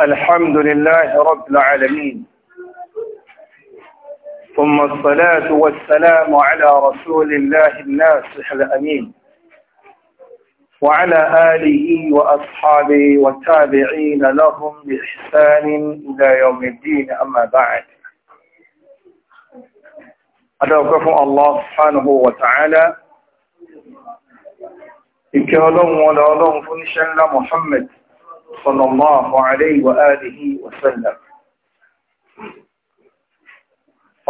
الحمد لله رب العالمين ثم الصلاة والسلام على رسول الله الناصح الأمين وعلى آله وأصحابه والتابعين لهم بإحسان إلى يوم الدين أما بعد أدركه الله سبحانه وتعالى لهم ولا لهم فنشا محمد صلى الله عليه وآله وسلم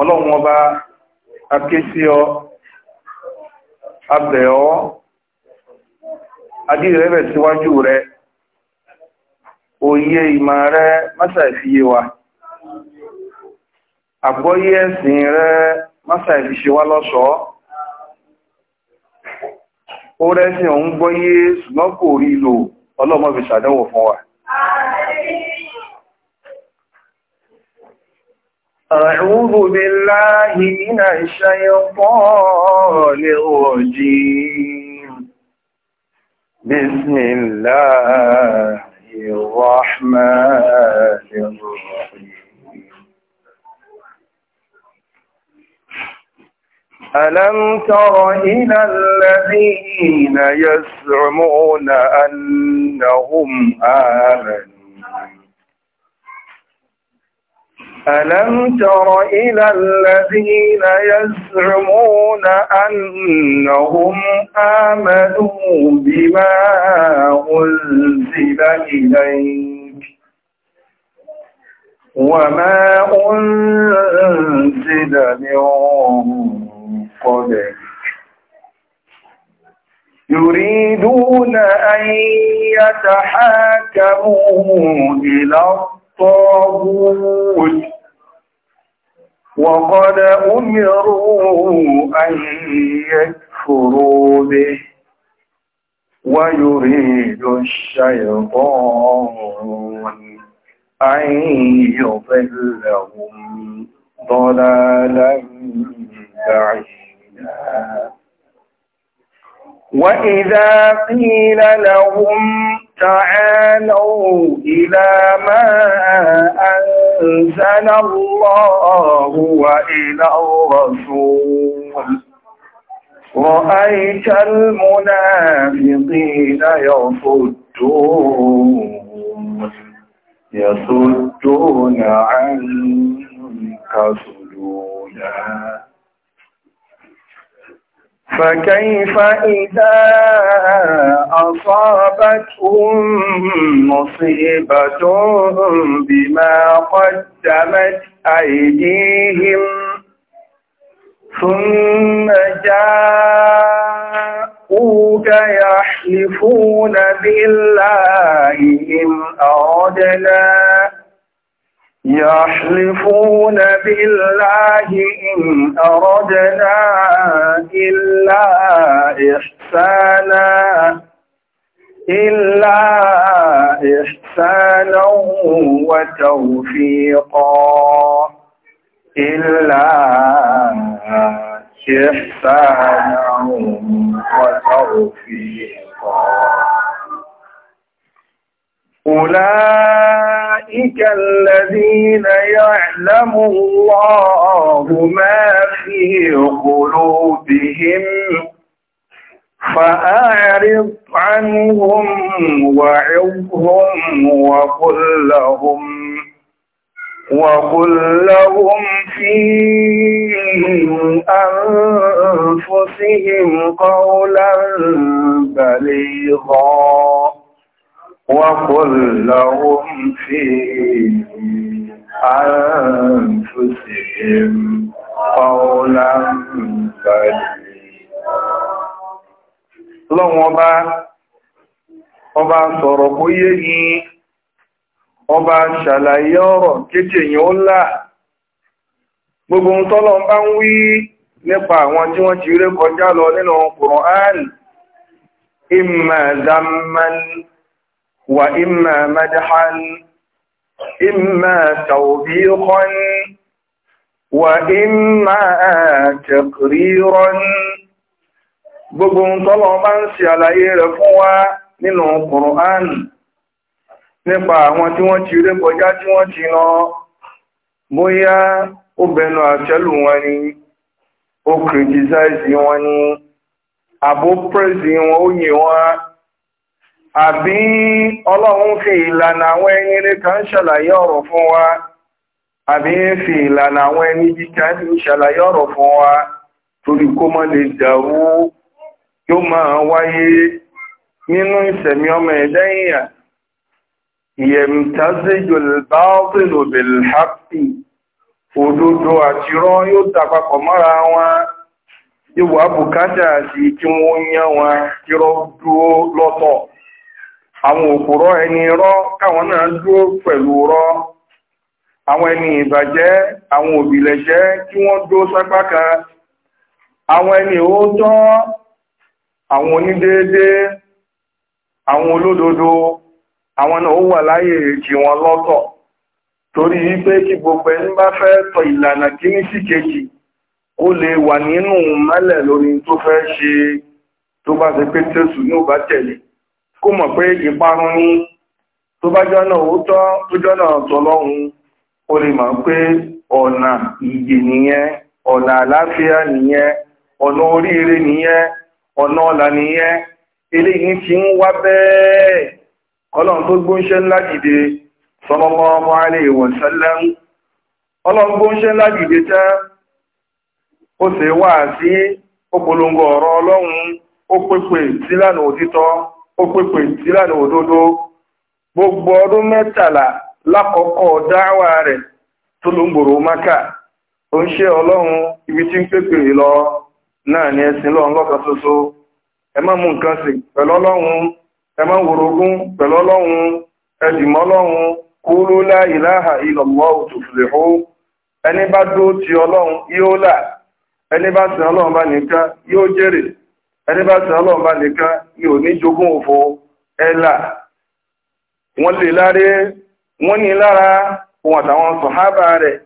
ọlọ́run ọba akéṣí ọ abẹ̀ síwájú rẹ òye ima rẹ mọ́sà ìfiyè wa àgbọ́yé ẹ̀sìn rẹ mọ́sà ìfiṣẹ́ lọ́ṣọ́ọ́ ó rẹ́sìn òun gbọ́yé ṣùgbọ́n kò rí ọlọ́mọ fi ṣàdánwò fún wa أعوذ بالله من الشيطان الرجيم بسم الله الرحمن الرحيم ألم تر إلى الذين يزعمون أنهم آمنوا ألم تر إلى الذين يزعمون أنهم آمنوا بما أنزل إليك وما أنزل من يريدون أن يتحاكموا إلى الطاغوت وقد أمروا أن يكفروا به ويريد الشيطان أن يضلهم ضلالا بعيدا وإذا قيل لهم تعالوا إلى ما أنزل الله وإلى الرسول رأيت المنافقين يصدون يصدون عنك صدودا فكيف إذا أصابتهم مصيبة بما قدمت أيديهم ثم جاءوك يحلفون بالله إن أردنا يحلفون بالله إن أردنا إلا إحسانا إلا إحسانا وتوفيقا إلا إحسانا وتوفيقا أولئك أولئك الذين يعلم الله ما في قلوبهم فأعرض عنهم وعظهم وقل لهم وقل لهم في أنفسهم قولا بليغا وقل لهم في أنفسهم قولا Ọlọ́run ọba, ọba sọ̀rọ̀ kó yé yìí, ọba ṣàlàyé ọ̀rọ̀ kéjì èyàn ó là. Gbogbo ohun tọ́lọ bá ń wí nípa àwọn tí wọ́n ti ré lọ nínú Kùránì, ìmọ̀ ẹ̀dàmẹ́lì وإما مدحا إما توبيخا وإما تقريرا gbogbo máa ń ṣe àlàyé fún wa nínú Qur'an nípa àwọn tí wọ́n ti ré kọjá tí wọ́n ti lọ bóyá ó bẹnu ya wọn ni ó kìrìtìsáìsì wọn ni àbó àbí ọlọ́run fi ìlànà àwọn ẹni rẹ̀ kan ṣàlàyé ọ̀rọ̀ fún wa àbí fi ìlànà àwọn ẹni ń ṣàlàyé ọ̀rọ̀ fún wa torí kó má lè dàrú yóò máa wáyé nínú ìsẹ̀mí ọmọ ẹ̀dẹ́yìnyà ìyẹ̀mtazẹ́jọ báọ́bìnù bẹ̀lẹ̀hápì òdodo àti rán yóò tapapọ̀ mọ́ra wọn yóò wà bùkátà àti kí wọ́n yán wọn kí àwọn òpùrọ́ ẹni rọ káwọn náà dúró pẹ̀lú rọ́ àwọn ẹni ìbàjẹ́ àwọn òbílẹ̀jẹ́ kí wọ́n dúró sápá kan àwọn ẹni òótọ́ àwọn onídéédé àwọn olódodo àwọn náà ó wà láyé èjì wọn lọ́tọ̀ torí wípé kí gbogbo ẹni bá fẹ́ tọ ìlànà kíní sí kejì ó lè wà nínú mẹ́lẹ̀ lórí tó fẹ́ ṣe tó bá kó mọ̀ pé ìparun ní tó bá jọ́nà òótọ́ tó jọ́nà tọ́lọ́hun ó lè mọ̀ pé ọ̀nà ìyè nìyẹn ọ̀nà àlàáfíà nìyẹn ọ̀nà oríire nìyẹn ọ̀nà ọ̀là nìyẹn eléyìí ti ń wá bẹ́ẹ̀ ọlọ́run tó gbóúnṣẹ́ ńlá dìde sallallahu alaihi wa sallam ọlọ́run gbóúnṣẹ́ ńlá dìde tẹ́ ó sì wà sí ó pèpè sílànà òdodo gbogbo ọdún mẹ́tàlá lákọ̀ọ́kọ́ dáwà rẹ̀ tó ló ń gbòrò máka ó ń ṣe ọlọ́run ibi tí ń pèpè lọ náà ni ẹ̀sìn lọ́run lọ́kan ṣoṣo ẹ má mú nǹkan sìn pẹ̀lú ọlọ́run ẹ má wòrogún pẹ̀lú ọlọ́run ẹ dìmọ́ ọlọ́run kúrú la ilaha illallah tuflihu ẹni bá dó ti ọlọ́run yóò là ẹni bá sin ọlọ́run bá nìkan yóò jèrè ẹni bá sin nìkan ni ò ní jogún òfò ẹ̀là wọ́n lè láre wọ́n ní lára ohun àtàwọn sọ̀hábà rẹ̀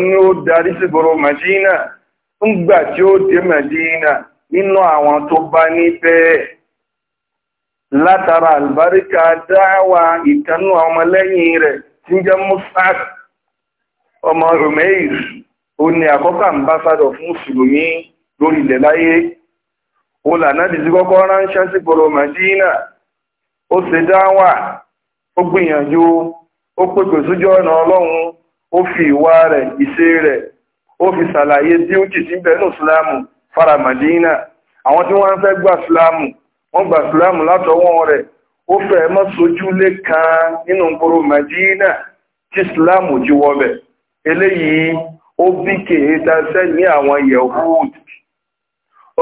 ni ó darí sí gbọ́rọ̀ Màdínà ńgbà tí ó dé ninu nínú àwọn tó bá ní bẹ́ẹ̀ látara àlùbáríkà dáwà ìkanú ọmọlẹ́yìn rẹ̀ tí ń jẹ́ Mus'ab ọmọ ó ní àkọ́kọ́ àmbásádọ̀ fún mùsùlùmí lórí ilẹ̀ ó si sí kọ́kọ́ ránṣẹ́ sí gbòrò Màdínà ó ṣe dáwà ó gbìyànjú ó pèpè sójú ọ̀nà ọlọ́run ó fi ìwà rẹ̀ ìṣe rẹ̀ ó fi ṣàlàyé díútì tí ń bẹ ní fara madina àwọn tí wọ́n fẹ́ gbà ìsìláàmù wọ́n gbà ìsìláàmù látọwọ́ rẹ̀ ó fẹ́ mọ́ sojú lé kan nínú gbòrò Màdínà tí ìsìláàmù jí wọ́bẹ̀ eléyìí ó bí kèé ní àwọn Yehud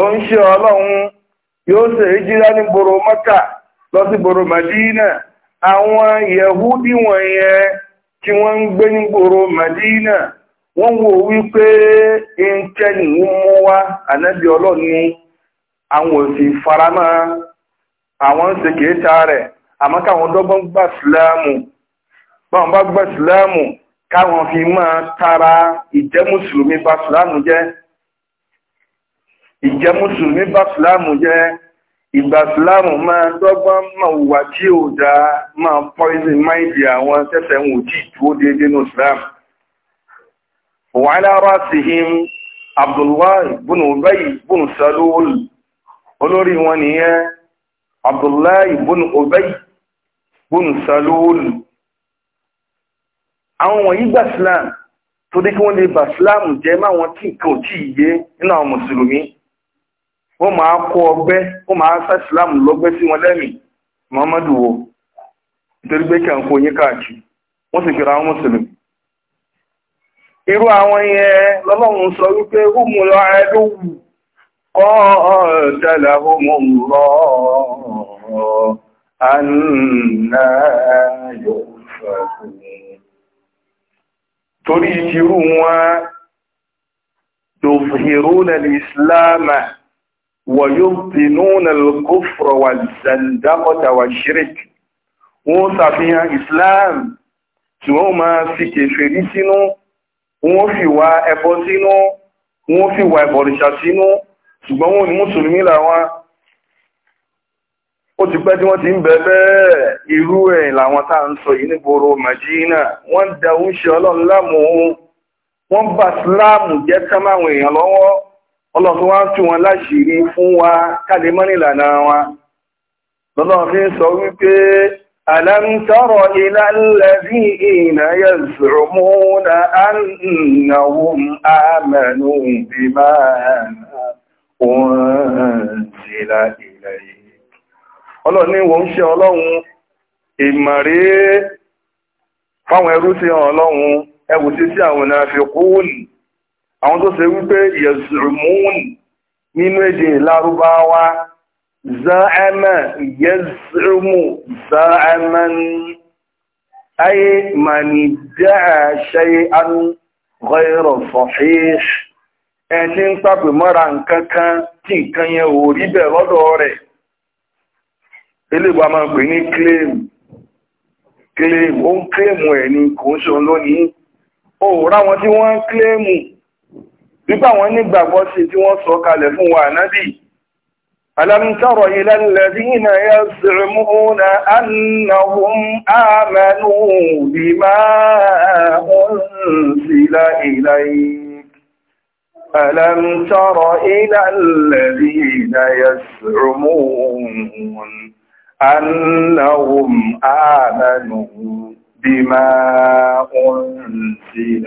ó ń ṣe ọlọ́run yóò ṣe ìjírá ní boro lọ sí boro madina àwọn yẹ̀húdí wọ̀nyẹn tí wọ́n ń gbé ní boro madina wọ́n wò wípé ìǹtẹ́nì ń mú wá ànábì ọlọ́run àwọn òsì farama àwọn ń re rẹ̀ àmọ́ dọ́gbọ́n gbà báwọn bá gbà káwọn fi máa tara ìjẹ́ mùsùlùmí ba jẹ́ ìjẹ́ mùsùlùmí bá fìláàmù jẹ́ ìgbà fìláàmù máa dọ́gbọ́n máa wà tí ò dáa máa poison máìdì àwọn tẹ́fẹ̀ ń wò tí ìtúwó déédéé ní ìsìláàmù wàhálà rásìhìm abdullahi bùnú báyìí bùnú salúl olórí wọn nìyẹn abdullahi bùnú obáyìí bùnú salúl àwọn wọ̀nyí gbà fìláàmù torí kí wọ́n lè bà fìláàmù jẹ́ máwọn tí nǹkan ò tí ì yé nínú àwọn mùsùlùmí wọ́n máa kó ọgbẹ́ wọ́n máa sá ìsìláàmù lọ́gbẹ́ sí wọn lẹ́mìí muhammadu wo nítorí pé kí à ń kó yín káàkiri wọ́n sì kíra àwọn irú àwọn yẹn lọ́lọ́run sọ wípé húmù lọ ẹlú torí wọn ويبطنون الْكُفْرَ والزندقة والشرك wọ́n sàfihàn islam tí wọ́n máa fi kèfèrí sínú wọ́n fi wà ẹbọ sínú wọ́n fi wà ẹbọ̀rìṣà sínú ṣùgbọ́n wọ́n ni mùsùlùmí làwọn ó ti pẹ́ tí wọ́n ti ń bẹ irú ẹ̀ làwọn tá ń sọ yìí nígboro ọlọ́run wá ń tú wọn láṣìírí fún wa káde mọ́nìlànà wa lọ́lọ́run fi ń sọ wípé alam tara ila alladhina yaz'umuna annahum amanu bima unzila ilayk ọlọ́run ni wọ́n ń ṣe ọlọ́run àwọn tó ṣe wípé yẹ̀zùmún nínú èdè lárúbáwá za'ama yẹ̀zùmù za'aman ayé mani dáa shay'an ghayra sahih ẹni ń pàpè mọ́ra nǹkan kan tí nǹkan yẹn ò rí bẹ̀ lọ́dọ̀ rẹ̀ eléwà máa pè ní claim claim ó kò ń ṣe lónìí ó ráwọn tí wọ́n ń nípa àwọn nígbàgbọ́ sí tí wọ́n sọ kalẹ̀ fún wa náàbì alamtaro ilalladina yaz'umuna annahum amanu bima unzila ilayhi ألم تر إلى الذين يزعمون أنهم آمنوا بما أنزل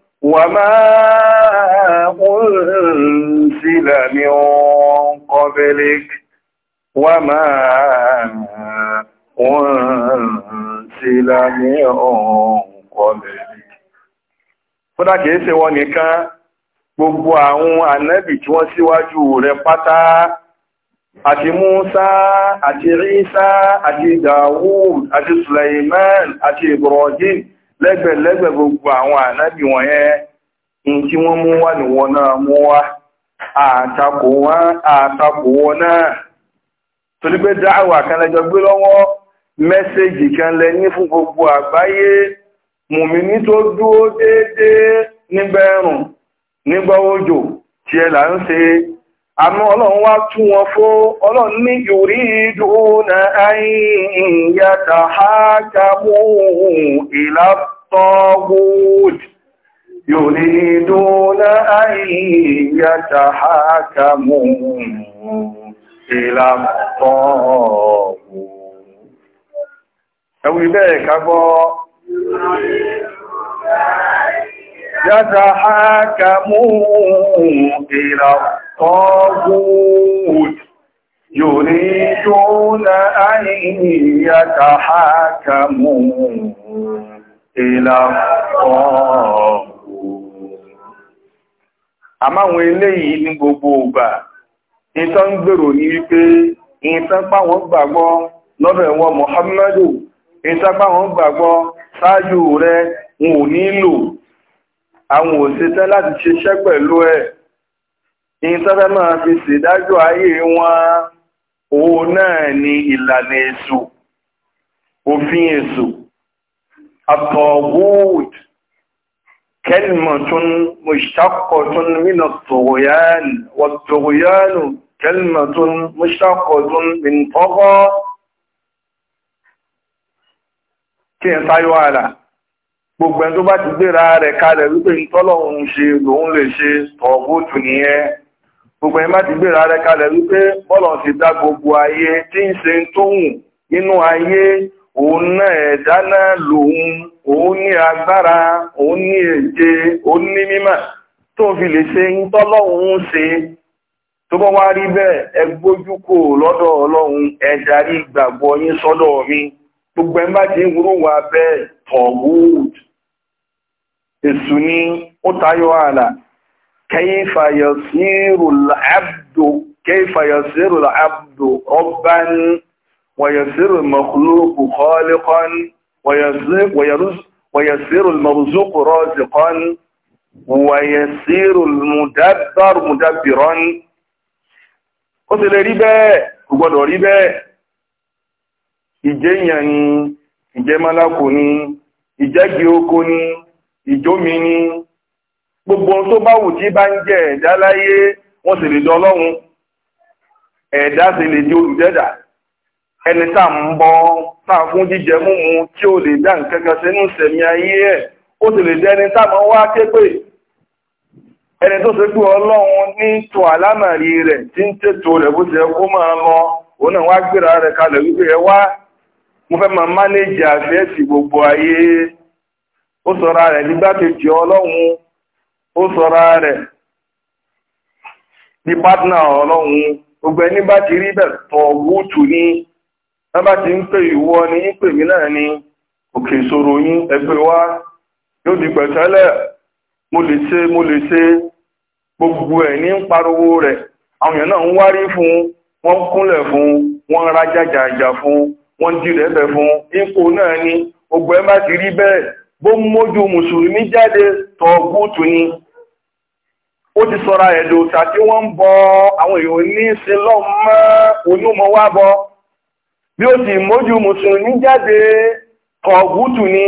وما أنزل من قبلك وما أنزل من قبلك Fọ́dá kìí ṣe wọn nìkan gbogbo àwọn ànábì tí wọ́n síwájú rẹ̀ pátá àti Músá àti Rísá àti Dàwúd àti Sulaiman àti Ibrahim lẹ́gbẹ̀lẹ́gbẹ̀ gbogbo àwọn ànábì wọn yẹn in tí wọ́n mú wá ní wọn náà mú wá àtakò wọn náà torí pé dáàwà kan lẹ́jọ gbé lọ́wọ́ mẹ́sẹ̀jì kan lẹ ní fún gbogbo àgbáyé mùmíní tó dúró déédéé nígbà ẹ̀rùn nígbà òjò tí ẹ là ń ṣe àmọ́ ọlọ́run wá tún wọn fó ọlọ́run ní yorí ìdúnà àìyàtà hákàmù ìlàtọ̀gùd yorí ìdúnà àìyàtà hákàmù ìlàtọ̀gùd ẹwù bẹ́ẹ̀ kagbọ́ yàtà الطاغوت يريدون أن يتحاكموا إلى الطاغوت àmọ́ àwọn eléyìí ní gbogbo ọgbà ìtàn ń gbèrò ní wípé ìtàn páwọn gbàgbọ́ lọ́bẹ̀ wọn Muhammadu ìtàn páwọn gbàgbọ́ ṣáájú rẹ̀ wọn ò nílò àwọn òṣìṣẹ́ láti ṣiṣẹ́ pẹ̀lú ẹ̀ ìtọ́fẹ́ máa fi ṣèdájọ́ ayé wọn òun náà ni ìlànà èṣù òfin èṣù àtọ̀wòd kẹlmọ̀tún mọ̀ṣàkọ̀tún mínà tọ̀wòyán wàtọ̀wòyánù kẹlmọ̀tún mọ̀ṣàkọ̀tún mìntọ́kọ́ kí n sáyọ́ àrà gbogbo ẹni tó bá ti gbéra rẹ̀ kalẹ̀ wípé ìtọ́lọ̀ gbogbo ẹ̀ má ti gbéra rẹ kalẹ̀ wípé bọ́lọ̀ ti dá gbogbo ayé tí ń ṣe tó wù nínú ayé òun náà ẹ̀dá náà lòun òun ní agbára òun ní èje òun ní mímọ̀ tó fi lè ṣe ń tọ́lọ́hun ṣe tó bọ́ wá rí bẹ́ẹ̀ ẹ gbójú kò lọ́dọ̀ ọlọ́run ẹ darí ìgbàgbọ́ yín sọ́dọ̀ mi gbogbo ẹ̀ má ti ń wúrò wá bẹ́ẹ̀ tọ̀wọ́d èṣù ni ó tayọ ààlà kẹ́yìnfà yọ̀sírù abdu kẹ́yìnfà yọ̀sírù abdu rabban wọ̀yọ̀sírù makhluqu khaliqan ويسير المرزوق رازقا ويسير المدبر مدبرا ó ti lè rí bẹ́ẹ̀ kò gbọdọ̀ rí bẹ́ẹ̀ ìjẹ́ ìyàn ìjẹ́ málákò ni ìjẹ́gi oko ni ìjómi ni gbogbo tó bá wù tí bá ń jẹ ẹ̀dá láyé wọ́n sì lè di ọlọ́run ẹ̀dá sì lè di olùdẹ́dà ẹni tá ń bọ tá fún jíjẹ múmu tí ó lè dá nǹkan kan sínú sẹ̀mí ayé ẹ̀ ó sì lè dẹni tá máa wá ké pè ẹni tó ṣe pé ọlọ́run ní tó àlámàrí rẹ̀ tí ń tètò rẹ̀ bó ti yẹ kó máa lọ òun náà wá gbéra rẹ̀ kalẹ̀ wípé ẹ wá mo fẹ́ máa mánéjì àfẹ́ẹ̀sì gbogbo ayé ó sọra rẹ̀ nígbàkejì ọlọ́run ó sọ̀rọ̀ rẹ̀ bí pátánà ọlọ́run gbogbo ẹni bá ti rí bẹ̀ tọ̀ wútù ní bá ti ń pè ìwọ ní pè mí náà ní òkè ìṣòro yín wá yóò di pẹ̀tẹ́lẹ̀ mo gbogbo ẹ̀ ní pariwo rẹ̀ àwọn èèyàn náà ń wárí fún wọ́n kúnlẹ̀ fún wọ́n fún wọ́n fún ipò náà ní ẹ bá bó mójú mùsùlùmí jáde tọ̀gútù ni ó ti sọ́ra ẹ̀dọ̀ tàbí wọ́n ń bọ àwọn èèyàn ní sílọ́ mọ́ onímọ̀ wá bọ́ bí ó sì mójú mùsùlùmí jáde tọ̀gútù ni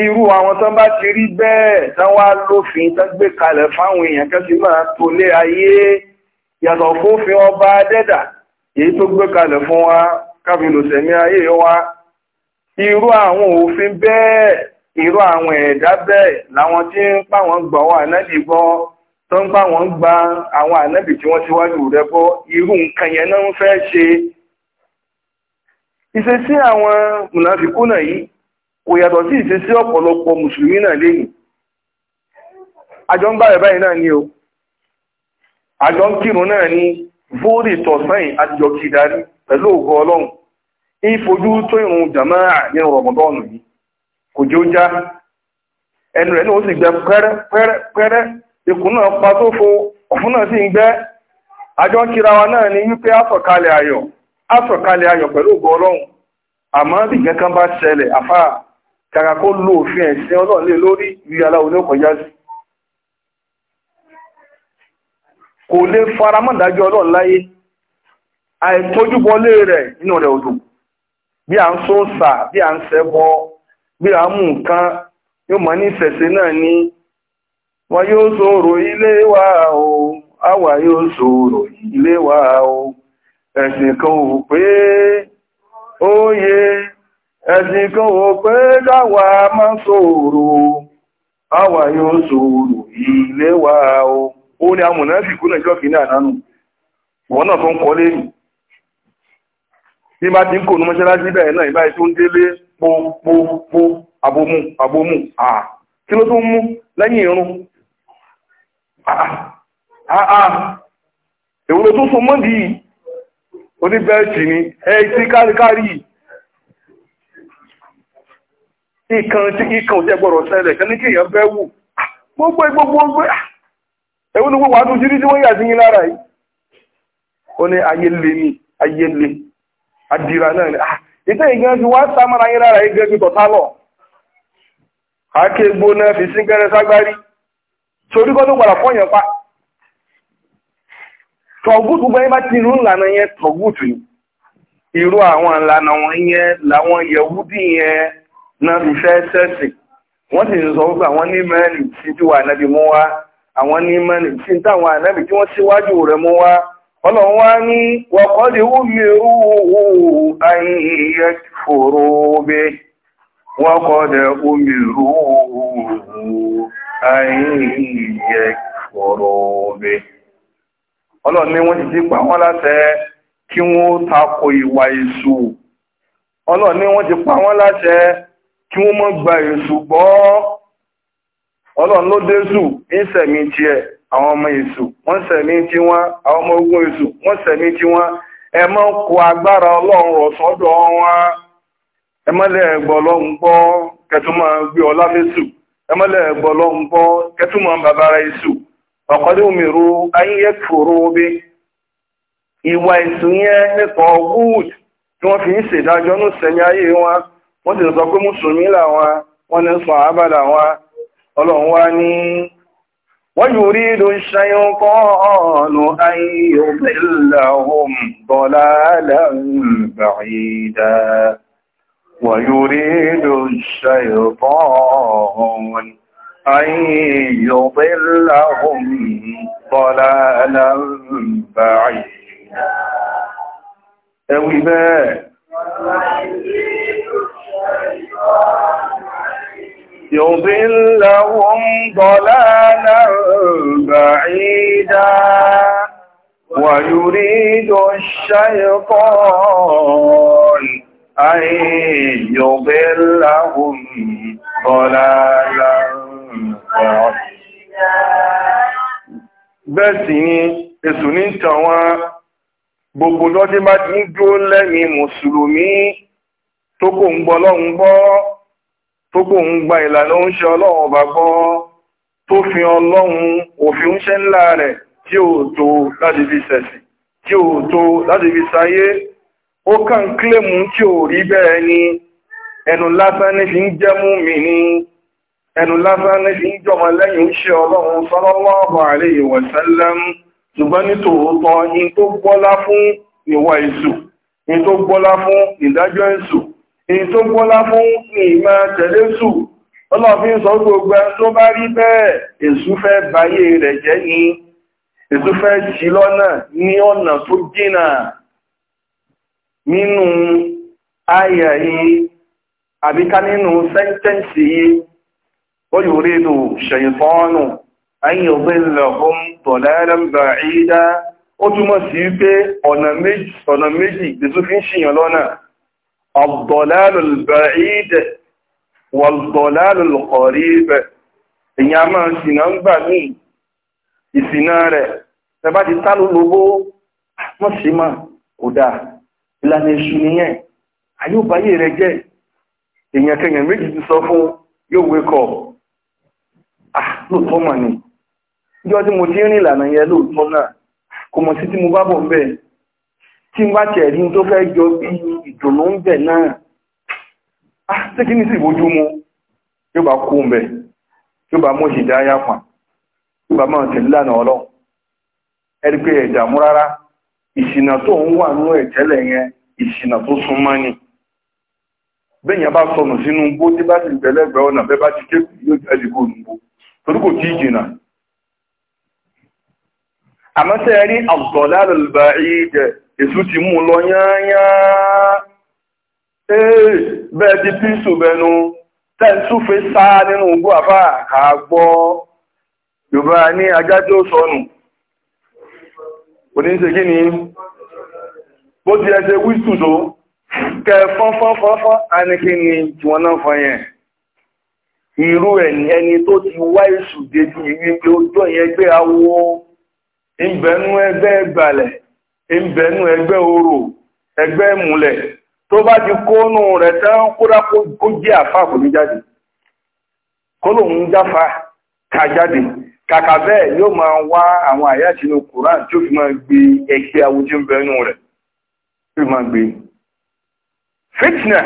irú àwọn tán bá ti rí bẹ́ẹ̀ tán wá lófin tán gbé kalẹ̀ fáwọn èèyàn kẹ́sì máa tó lé ayé yàtọ̀ fófin ọba dẹ́dà èyí tó gbé kalẹ̀ fún wa káfílòsẹ̀mí ayé wa irú àwọn òfin bẹ́ẹ̀ irú àwọn ẹ̀dá bẹ́ẹ̀ láwọn tí ń pa wọ́n gbà wọ́n ànábì gbọ́ tó ń pa wọ́n gba àwọn ànábì tí wọ́n síwájú rẹ̀ gbọ́ irú nǹkan yẹn náà ń fẹ́ ṣe ìṣesí àwọn mùnàfikúnà yìí kò yàtọ̀ sí ìṣesí ọ̀pọ̀lọpọ̀ mùsùlùmí náà lẹ́yìn àjọ ń bá rẹ̀ báyìí náà ni o àjọ ń kírun náà ni vóòrì tọ̀sán àtijọ́ kìdarí pẹ̀lú ògo ọlọ́run ìfojú tó ìrùn jàmáà ní rọmọdọ́ọ̀nù yìí kò jẹ́ ó ẹnu rẹ̀ náà ó sì gbẹ pẹ́rẹ́pẹ́rẹ́ ikùn pa tó fo ọ̀fun náà sì ń gbẹ́ àjọ náà ni wípé àsọ̀kalẹ̀ ayọ̀ àsọ̀kalẹ̀ ayọ̀ pẹ̀lú ògo ọlọ́run àmọ́ bí kankan bá ṣẹlẹ̀ àfà kàkà kó lo òfin ẹ̀sìn ọlọ́run lé lórí aláwo ní ọkọ̀já sí kò lè faramọ́ ìdájọ́ ọlọ́run bí à ń sóòsà bí à ń ṣẹbọ bí à ń mú nǹkan yóò mọ ní ìṣẹ̀ṣe náà ni wọn yóò sọ̀rọ̀ ilé wa o àwa yóò sọ̀rọ̀ ilé wa o ẹ̀sìn kan ò pé ó yẹ ẹ̀sìn kan ò pé dáwà máa sọ̀rọ̀ àwa yóò sọ̀rọ̀ ilé wa o ó ní amùnáfìkú náà jọ́kì ní àdánù wọn náà tó ń kọ́ lẹ́yìn bí bá ti ń kò ní mọ́ṣáláṣí bẹ́ẹ̀ náà ìbáyìí tó ń délé pópópó abomu abomu à kí ló tó ń mú lẹ́yìn irun àà èwúrò tó so mọ́ndì yìí oníbẹ́ẹ̀tì ni ẹ̀ẹ́tì káríkárí ìkan tí ìkan òjẹ́ gbọ́rọ̀ sẹ́lẹ̀ kan ní kí èèyàn bẹ́ wù gbogbo gbogbo gbogbo ẹ̀wúrò gbogbo àtúntí tí wọ́n yà sí yín lára yìí ó ní ayé lé ní ayé lé àdìrà náà ni ah, ìtẹ́ ìgbẹ́ fi wá sámọ́ra yín lára ìgbẹ́ fi tọ̀tá lọ àáké gbóná fi síngẹ́rẹ́ ságbárí torí tó padà fọ́yàn pa tọ̀gùtù bẹ́ẹ̀ bá ti rú ìlànà yẹn tọ̀gùtù irú àwọn ìlànà wọn yẹn làwọn yẹ̀wúdì yẹn náà fi fẹ́ sẹ́sìn wọ́n sì ń sọ wípé àwọn ní mẹ́rin tí tí wà nábì mú wá àwọn ní mẹ́rin tí táwọn ànábì tí wọ́n síwájú rẹ̀ mú wá ọlọ́run ní wọ̀kọ́dí wúmẹ̀rú ayẹyẹ fòrò bẹ́ wọ́kọ́dí wúmẹ̀rú ayẹyẹ fòrò bẹ́ ọlọ́run ní wọ́n ti ti pa wọ́n láṣẹ kí wọ́n tako ìwà èṣù ọlọ́run ní wọ́n ti pa wọ́n láṣẹ kí wọ́n gba èṣù gbọ́ ọlọ́run ló dé àwọn ọmọ isu wọ́n sẹ̀mí tí wọ́n àwọn ọmọ ogun èṣù wọ́n sẹ̀mí tí wọ́n kó agbára ọlọ́run rọ̀ sọ́dọ̀ wọn ẹ má gbọ́ lọ́hùn gbé ọlá fẹ́sù ẹ má gbọ́ bàbára ayé fi ń ṣèdájọ́ ní sẹ́yìn ayé wọn wọ́n ti sọ pé mùsùlùmí làwọn wọ́n ní sọ ويريد الشيطان أن يضلهم ضلالا بعيدا ويريد الشيطان أن يضلهم ضلالا بعيدا أو ما ويريد الشيطان يضلهم ضلالا بعيدا ويريد الشيطان أن يضلهم ضلالا bẹ́ẹ̀ sì ni èsù ní tàwọn gbogbo lọ́dí bá ti ń dúró lẹ́ni mùsùlùmí tó kò ń gbọ́ lọ́hun gbọ́ tó kò ń gba ìlànà oúnṣe ọlọ́run ọba gbọ́ tó fi ọlọ́run òfin oúnṣe ńlá rẹ̀ tí ó tó láti fi sẹ̀sì tí ó tó láti fi sáyé ó kàn kílèmù tí ó rí bẹ́ẹ̀ ni ẹnu lásán ní fi ń jẹ́mú mi ni ẹnu lásán ní fi ń jọmọ lẹ́yìn oúnṣe ọlọ́run sallallahu alayhi èyí tó gbọ́lá fún ìmọ̀ tẹ̀lésù ọlọ́fin sọ gbogbo tó bá rí bẹ́ẹ̀ èsù fẹ́ báyé rẹ̀ jẹ́ ní èsù fẹ́ sí lọ́nà ní ọ̀nà tó jìnà nínú ayà yìí àbíká nínú sẹ́ńtẹ́ǹsì yìí ó yóò rí lò ṣẹ̀yìnfọ́nù ayé ọgbẹ́lẹ̀hún tọ̀lẹ́rẹ̀ bàáìdá ó túmọ̀ sí pé الضلال البعيد والضلال القريب ìyá máa ṣìnà ń gbà ní ìsìnà rẹ̀ tẹbá ti tá ló lówó wọ́n sì máa kò dáa ìlànà èṣù nìyẹn àyóbáyé rẹ̀ jẹ́ èèyàn kẹyàn méjì ti sọ fún yóò wékọ̀ ah, lóòtọ́ mà lóòtọ́ tí n bá tẹ̀ tó fẹ́ yọ bí ìdùnnú ń bẹ̀ náà tí kí ní sì ìbójú mú yóò bá kú ń bẹ̀ yóò bá ìṣẹ̀dá ayá pa yóò bá mọ́ tẹ̀lé ọlọ́run ẹni pé ẹ̀dàmú rárá ìṣìnà tó ń wà ní ẹ̀ yẹn ìṣìnà tó sún mọ́ ni bẹ́yìn bá sọnù sínú tí bá ti Èṣù ti mú lọ yányá. Ee, bẹ́ẹ̀ ti píṣù bẹnu, tẹ́ǹtúfẹ́ sá nínú ogbó àbá àgbọ́. Yorùbá ní ajá tí ó sọnù. Oníṣe kí ni? Bó ti ẹ ṣe wíṣù tó, kẹ fọ́nfọ́nfọ́nfọ́n, a ni tí wọ́n náà fọ́ yẹn irú ẹni tó ti wá èṣù débi wípé ojú ọ̀yẹn gbé awo ìgbẹ̀nú ẹgbẹ́ ìgbàlẹ̀ ìbẹ̀nú ẹgbẹ́ oró ẹgbẹ́ ìmúlẹ̀ tó bá ti kóónú rẹ̀ tán kódà kó jẹ́ àfá kò ní jáde kó lòun jáfa ká jáde kàkà bẹ́ẹ̀ yóò máa wá àwọn àyà sínú Kùránì tí ó fi máa gbé ẹgbẹ́ awujú rẹ̀ tí ó máa gbé fitna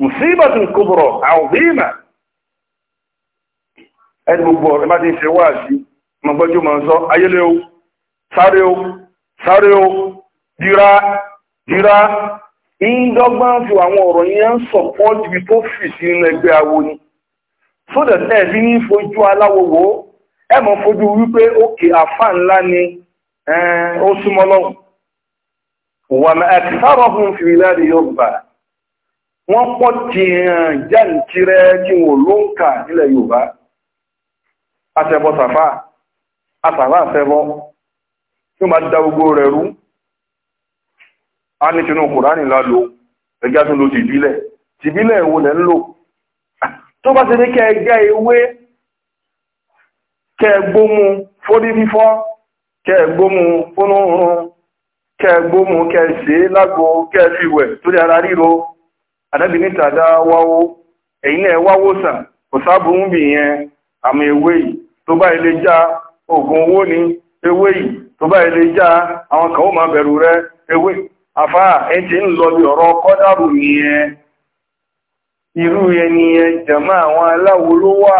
musibatun sáré o dira dira ìdọ́gbọ́n fi àwọn ọ̀rọ̀ yẹn ń sọ̀pọ́ọ̀tì bí tó fì sí inú ẹgbẹ́ awo ni sódà tẹ́ẹ̀bí ní fojú aláwo wò ó ẹ mọ̀ fojú wípé òkè àfà ńlá ni ó súnmọ́ lọ́wọ́ wà máa ẹ̀kẹ́sàrọ̀ fún fìlẹ́rì yorùbá wọ́n pọ̀ tí hàn jẹ́ǹtirẹ́ tí wọ́n ló ń kà nílẹ̀ yorùbá àtẹ̀bọ̀ sàfà àtàwà àtẹ̀bọ̀ tí ó máa dá gbogbo rẹ̀ rú a ní tinú kùránì lálo ẹgbẹ́ tó lo tìbílẹ̀ tìbílẹ̀ ìwò lẹ́ ń lò tó bá ti ní kẹ ẹgbẹ́ ewé kẹ gbómú fórí fífọ́ kẹ gbómú fónúrún kẹ gbómú kẹ ṣe lágbo kẹ fi wẹ̀ torí ara ríro àdábì níta dá wáwó ẹ̀yìn náà wáwó sàn kò sábùrún bì yẹn àmì ewé yìí tó bá ilé já oògùn owó ni ewé yìí tó bá ilé já àwọn kan ó máa bẹ̀rù rẹ ewé afá ẹn ti ń lọ bí ọ̀rọ̀ kọ́dàrù nìyẹn irú yẹn jẹ̀mọ́ àwọn aláwo ló wà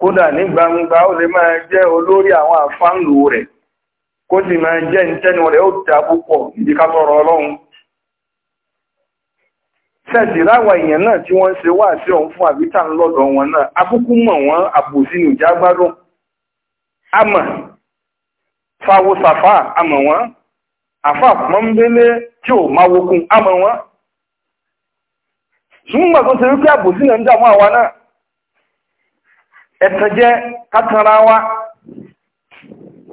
kódà ní gbangba ó lè máa jẹ́ olórí àwọn afánlò rẹ̀ kó sì máa jẹ́ ìtẹ́nu rẹ̀ ó púpọ̀ ká tọrọ ọlọ́run sẹ́ẹ̀sì láwọn wọn náà akúkú mọ̀ wọ́n àbòsí fáwọ́ sàfà àmọ̀ wọ́n àfà pọ́nbélé tí ò máa wokun àmọ̀ wọ́n ṣùgbọ́n tó ṣe wípé àbòsí náà ń dààmú àwa náà ẹ̀tàn jẹ́ kátara wa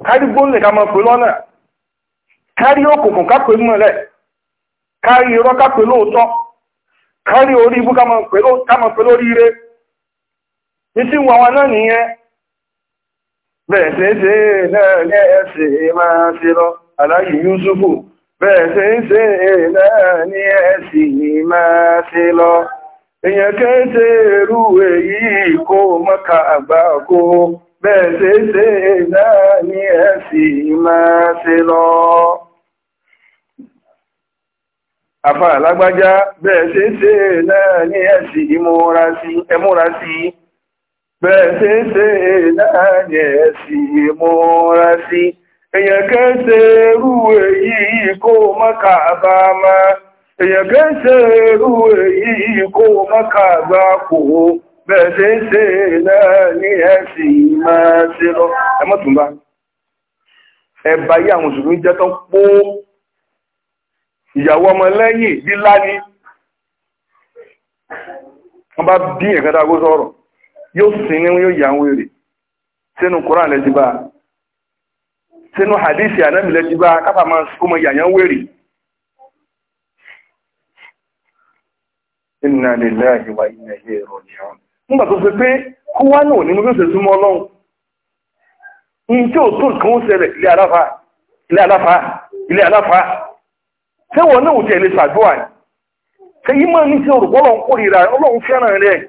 kárí gbóńlẹ̀ ká máa pè lọ́nà kárí òkùnkùn ká pè mọ́lẹ̀ kárí irọ́ ká pè lóòótọ́ kárí orí ibú ká máa pè lórí ní tí wọn náà nìyẹn bẹ́ẹ̀ ṣe ń ṣe náà ní si máa ṣe lọ aláyì Yúsúfù bẹ́ẹ̀ ṣe ṣe ṣe lọ ṣe bẹ́ẹ̀ ṣe ṣe náà ní máa ṣe lọ àfà bẹ́ẹ̀ ṣe ṣe náà ní bẹ̀ẹ̀ ṣe láàrin ẹ̀sì múra sí èyàn kẹ́ ṣe rú èyí kó mọ́kà bá má èyàn kẹ́ ṣe rú èyí kó mọ́kà bá kò bẹ̀ẹ̀ ṣe láàrin ẹ̀sì máa ṣe lọ ẹmọ́túnbá ẹba yí àwọn òṣùgbé jẹ́ tán pó ìyàwó ọmọ lẹ́yìn lílá ni wọ́n bá bí ẹ̀kẹ́ta gó sọ̀rọ̀ yóò sin ní yóò yà ń wèrè sínú Kùránì lẹ́ti bá sínú hadisi ànábì lẹ́ti bá káfà máa kó mọ yà yán wèrè lè lillahi wa inna ilayhi raji'un nígbà tó fi pé kó wá náà mo bí ó ṣe súnmọ́ ọlọ́run ní náà ò máa ní tí ọlọ́run kórìíra ọlọ́run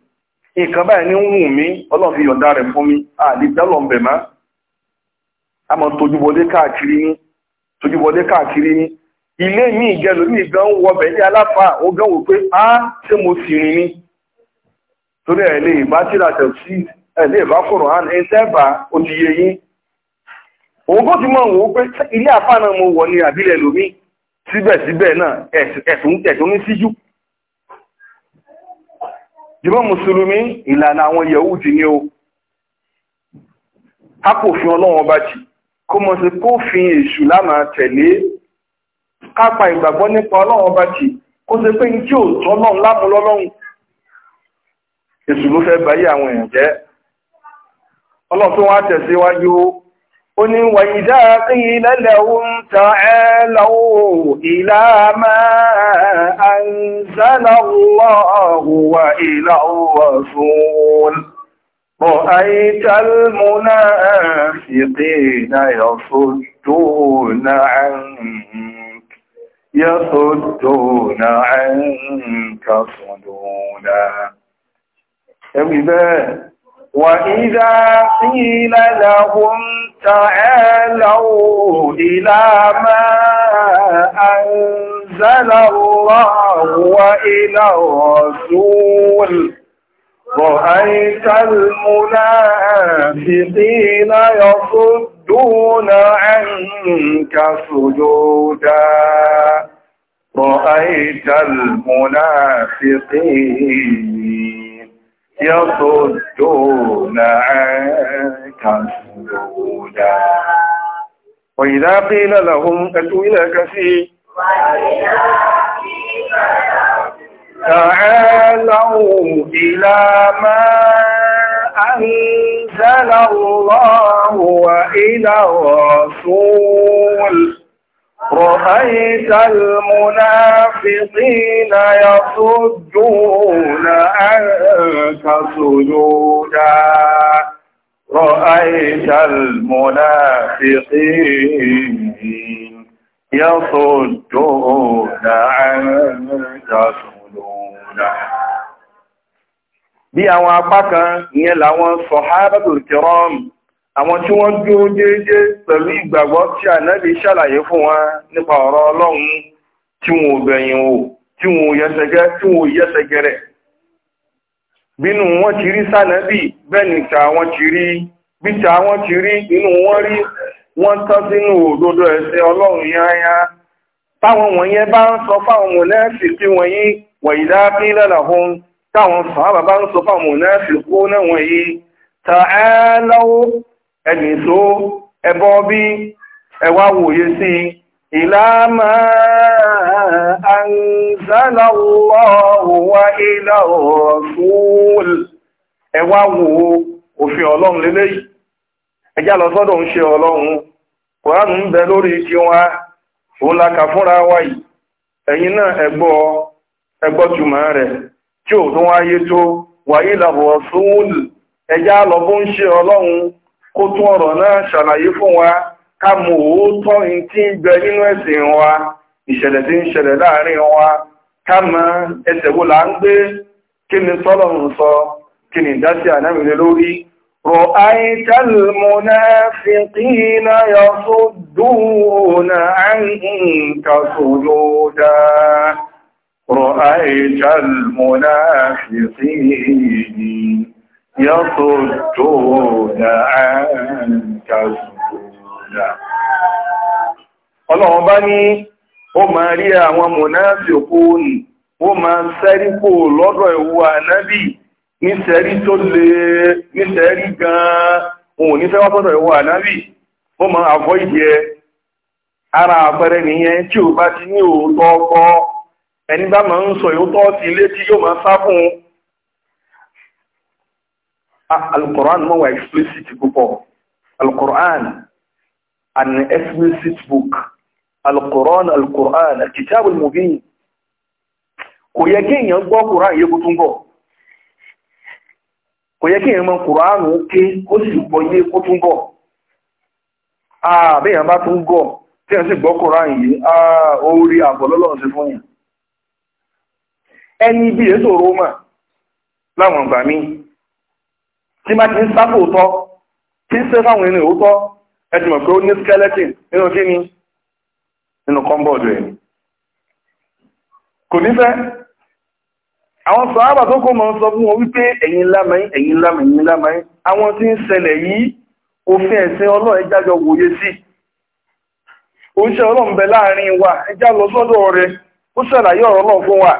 nǹkan báyìí ní ń wù mí ọlọ́run fi yọ̀ǹda rẹ̀ fún mi àdìjọ́lọ̀ ń bẹ̀ má a mọ̀ tójúbọlé káàkiri ní tójúbọlé káàkiri ní ilé mi ìjẹlò ní ìgbà ń wọbẹ̀ ní aláfà ó gán wò pé á ṣé mo sì rìn ní torí ẹ̀ lè bá tíra tẹ̀ sí ẹ̀ lè bá kọ̀rọ̀ hàn ẹ̀ tẹ́bà ó ti yé yín òun kó ti mọ̀ wò pé ilé àfà náà mo wọ̀ ní àbílẹ̀ lómi síbẹ̀síbẹ̀ náà ẹ̀sùn ẹ̀sùn ní síjú jùmọ́ Musulumi ìlànà àwọn yẹ̀húdì ní o a kò fi ọlọ́wọ́n bá jì kó mọ̀ sí kó fi èṣù lámà tẹ̀lé kápa ìgbàgbọ́ nípa ọlọ́wọ́n bá jì kó ṣe pé tí ò tọ́ náà lámú قل وإذا قيل لهم تعالوا إلى ما أنزل الله وإلى الرسول رأيت المنافقين يصدون عنك يصدون عنك صدونا وإذا قيل لهم تعالوا إلى ما أنزل الله وإلى الرسول رأيت المنافقين يصدون عنك سجودا رأيت المنافقين يصدون عنك سودا وإذا قيل لهم أتوا إلى كثير تعالوا إلى ما أنزل الله وإلى الرسول رأيت المنافقين يصدون عنك سجودا رأيت المنافقين يصدون عنك سجودا bí àwọn apá الكرام àwọn tí wọ́n dúró déédéé pẹ̀lú ìgbàgbọ́ tí ànábì ṣàlàyé fún wọn nípa ọ̀rọ̀ ọlọ́run tí wọn ò bẹ̀yìn o tí wọn ò yẹsẹ̀gẹ́ tí wọn ò yẹsẹ̀gẹ́ rẹ̀ bínú wọn ti rí sànábì bẹ́ẹ̀ ni tà wọn ti rí bí tà wọn ti rí inú wọn rí wọn tán sínú òdodo ẹ̀sẹ̀ ọlọ́run yányá táwọn wọ̀nyẹn bá ń sọ fáwọn mọ̀lẹ́sì tí wọ́n yí wọ̀nyídá bí lọ́la hun táwọn sọ̀rọ̀ bá ń sọ fáwọn mọ̀lẹ́sì kó náà wọ̀nyí tààlọ́wọ́ ẹ̀yìn tó ẹbọ bí ẹwà wòye sí ìlàmà àǹzálàwọ̀ wà ilà ọ̀rọ̀sùl ẹwà wo òfin ọlọ́run lélẹ́ yìí ẹjá lọ sọ́dọ̀ ń ṣe ọlọ́run kòránù ń bẹ lórí kí wọ́n òun laka fúnra wa yìí ẹ̀yìn náà ẹgbọ́ ẹgbọ́ túmọ̀ rẹ̀ tí ò tún wáyé tó wà ilà ọ̀rọ̀sùl ẹjá lọ bó ń ṣe kó tún ọ̀rọ̀ náà ṣàlàyé fún wa ká mọ̀ òótọ́ in tí ń gbẹ nínú ẹ̀sìn wa ìṣẹ̀lẹ̀ tí ń ṣẹlẹ̀ láàrin wa ká mọ̀ ẹsẹ̀ wo là ń gbé kí ni tọ́lọ̀run sọ kí ni ìdásí ànámìlẹ̀ lórí يصدون عنك صدونا ọlọ́run bá ní ó ma rí àwọn mùnáfíkún ó ma sẹ́rí kò lọ́dọ̀ ìwú ànábì ní sẹ́rí tó lè ní sẹ́rí gan-an òun ní sẹ́wọ́ sọ́dọ̀ ìwú ànábì ó ma àgọ́ ìdíẹ ara àpẹẹrẹ nìyẹn tí ò bá ti ní òótọ́ Ah, alukoran mọ́ wà explicit púpọ̀ alukoran an explicit book alukoran alukoran kìtàbù mubin kò yẹ kí èèyàn gbọ́ koran yẹ kó tún bọ̀ kò yẹ kí èèyàn mọ̀ koran ké ó sì gbọ́ yẹ kó tún bọ̀ àbẹ́yàn ah, bá tún gọ̀ tí ẹ sì gbọ́ koran yìí orí ah, àbọ̀ lọ́lọ́run sí fún yàn ẹni bí èso roma láwọn ìgbà míì tí máa ti ń sáfò tọ́ tí ń sẹ́fà àwọn ènìyàn tọ́ ẹjùmọ̀ pé ó ní skeleton nínú kí ni nínú kọ́mbọ̀dù ẹ̀ kò nífẹ́ àwọn sọ̀hábà tó kó mọ̀ ń sọ fún wọn wípé ẹ̀yin lámàáyín ẹ̀yin lámàáyín ẹ̀yin lámàáyín àwọn tí ń ṣẹlẹ̀ yìí òfin ẹ̀sìn ọlọ́ ẹjájọ wòye sí oúnjẹ ọlọ́m̀bẹ láàrin wa ẹjá lọ sọ́dọ̀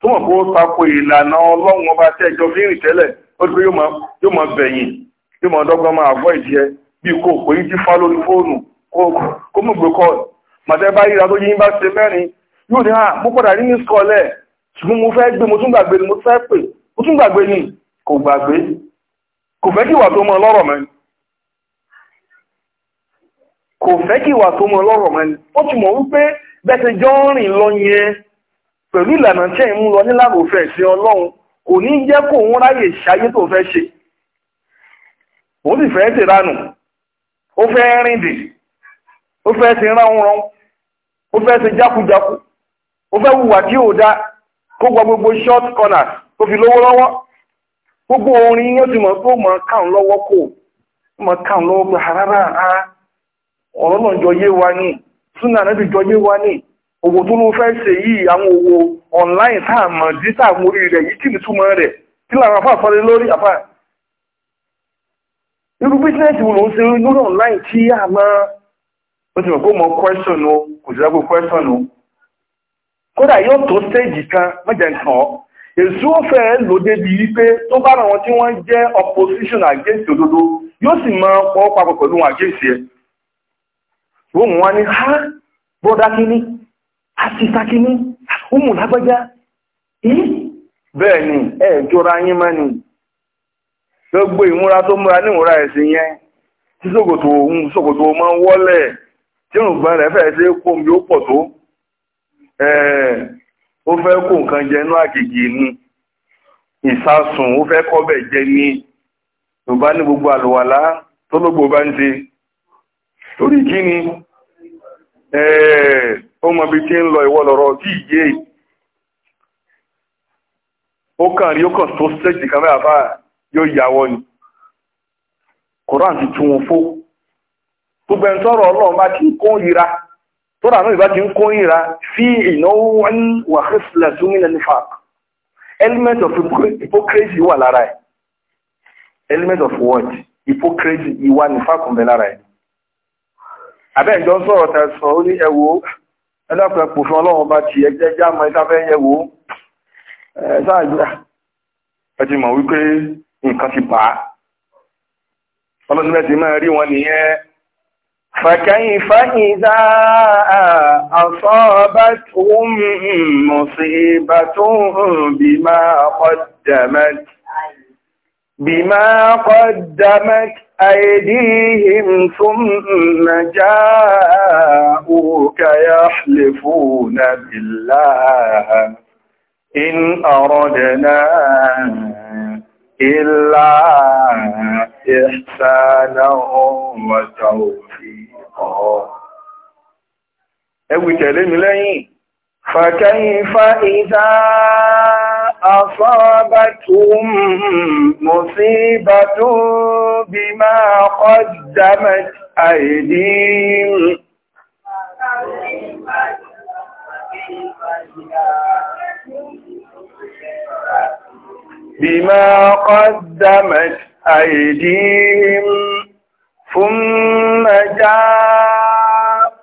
tó mọ̀ kó tako ìlànà ọlọ́run ọba tí ẹjọ́ fi ń rìn tẹ́lẹ̀ ó ti pé yóò mọ bẹ̀yìn yóò mọ dọ́gba máa gbọ́ ìdíyẹ bí kò pé yín ti fá lórí fóònù kó mú gbé kọ́ọ̀lù màtẹ́ bá yíra tó yín bá ṣe mẹ́rin yóò ní à mo padà rí ní sọ́ọ̀lẹ̀ ṣùgbọ́n mo fẹ́ gbé mo tún gbàgbé ni mo fẹ́ pè mo tún gbàgbé ni kò gbàgbé kò fẹ́ kí ìwà tó mọ lọ́rọ̀ mẹ́ni kò fẹ́ kí ìwà tó mọ lọ́rọ̀ mẹ́ni ó ti mọ̀ wípé bẹ́ẹ̀ ṣe jọ́ rìn lọ yẹn pẹ̀lú ìlànà tí ẹ̀ ń lọ nílànà òfin ẹ̀sìn ọlọ́run kò ní jẹ́ kó ń ráyè ṣayé tó fẹ́ ṣe òun sì fẹ́ ti ránù ó fẹ́ rìndì ó fẹ́ ti ránran ó fẹ́ ti jákujáku ó fẹ́ wùwà tí ò dá kó gba gbogbo short corners tó fi lówó lọ́wọ́ gbogbo orin yóò ti mọ̀ tó mọ̀ káàun lọ́wọ́ kò mọ̀ káàun lọ́wọ́ pé rárá ọ̀rọ̀ náà jọ yé wa ní súnà náà jọ yé wa ní òwò tó ló fẹ́ ṣe yìí àwọn òwò online tá a mọ̀ dí tá a mórí rẹ̀ yìí kí ni túmọ̀ rẹ̀ kí làwọn afá àfọlẹ́ lórí afá. irú bísíǹsì wo ló ń ṣe lórí online tí a máa ó ti mọ̀ pé mo question o kò sí lágbo question o kódà yóò tó stage kan mọ́jà nǹkan ọ́ èso fẹ́ ló débi wípé tó bá ra wọn tí wọ́n jẹ́ opposition against òdodo yóò sì máa pọ̀ papọ̀ pẹ̀lú wọn against ẹ̀ wọ́n mú wa ní ha bọ́dá kínní àti takiní ọmọ lágbájá yìí bẹ́ẹ̀ ni ẹ jọra yín mọ́ ni gbogbo ìmúra tó múra níwúra ẹ̀sìn yẹn tí ṣòkòtò ohun ṣòkòtò máa ń wọ́lẹ̀ tí òǹgbọ́n rẹ̀ fẹ́ẹ́ ṣe kó omi ó pọ̀ tó ó fẹ́ kó nǹkan jẹ inú àgègè ni ìsásùn ó fẹ́ kọ́ bẹ̀ jẹ ní yorùbá ní gbogbo àlùwàlá tó lógbò bá ń ṣe torí kí ni ó mọ bí tí ń lọ ìwọ lọ́rọ̀ tí ìyé ó kàn rí ó kàn tó sẹ́jì kan mẹ́ra fáà yóò yàwọ́ ni koran ti tún wọn fó gbogbo ẹni tọrọ Ọlọ́run bá ti ń kó ìra tọrọ àná ìbá ti ń kó ìra sí ìnáwó wọn wà hísìlẹ tún nílẹ̀ nífà element of hypocrisy wà lára ẹ̀ element of what hypocrisy ìwà nífà kùnbẹ lára ẹ̀ abẹ́ ìjọ ń sọ̀rọ̀ tẹ̀sán ó ní ẹ̀wò ẹlọ́pẹ̀ pò fún ọlọ́run bá ti ẹgbẹ́ jámọ́ ìtafẹ́ yẹ wò ṣáàjúra mọ̀ wípé nǹkan ti bà á ọlọ́run máa rí wọn nìyẹn fàkẹ́yìn fàyìnzá àṣọ́bàtún mùsíbàtún bímá qaddamat bímá qaddamat أيديهم ثم جاءوك يحلفون بالله إن أردنا إلا إحسانا وتوفيقا أبو تلم لي فكيف إذا أصابتهم مصيبة بما قدمت أيديهم بما قدمت أيديهم ثم جاءت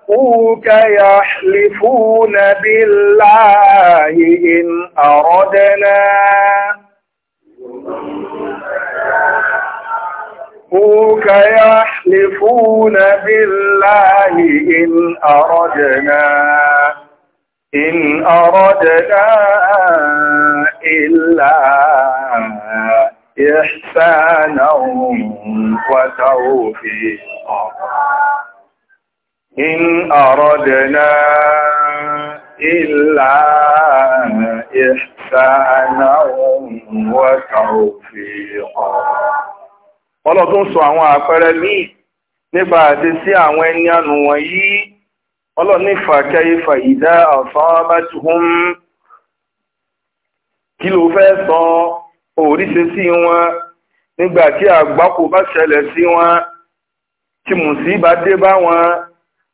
أخوك يحلفون بالله إن أردنا أخوك يحلفون بالله إن أردنا إن أردنا إلا إحسانا وتوفيقا إن أردنا إلا إحسانا وتوفيقا Ọlọ́ tó ń sọ àwọn àpẹẹrẹ míì nípa àti sí àwọn ẹni ànù wọ̀nyí, ọlọ́ ní fàkẹ́yí fàyídá ọ̀sán bá ti hún kí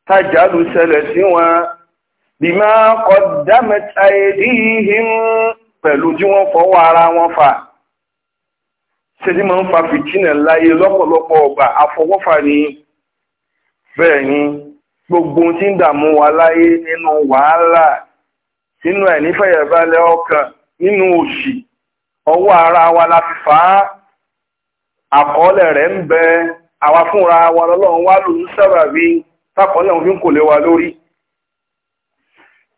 tájálù ṣẹlẹ̀ sí wọn bí máa kọ dámẹ́ta èdè ìhìn pẹ̀lú tí wọ́n fọwọ́ ara wọn fà ṣẹ́dí máa ń fa fìtínà láyé lọ́pọ̀lọpọ̀ ọgbà afọwọ́fà ni bẹ́ẹ̀ ni gbogbo tí ń dààmú wa láyé nínú wàhálà nínú ẹ̀ nífẹ̀yẹ̀bálẹ̀ ọkàn nínú òṣì ọwọ́ ara wa la fi fà á àkọọ́lẹ̀ rẹ̀ ń bẹ àwa fúnra wa lọ́lọ́run tápọ̀lẹ̀ òfin kò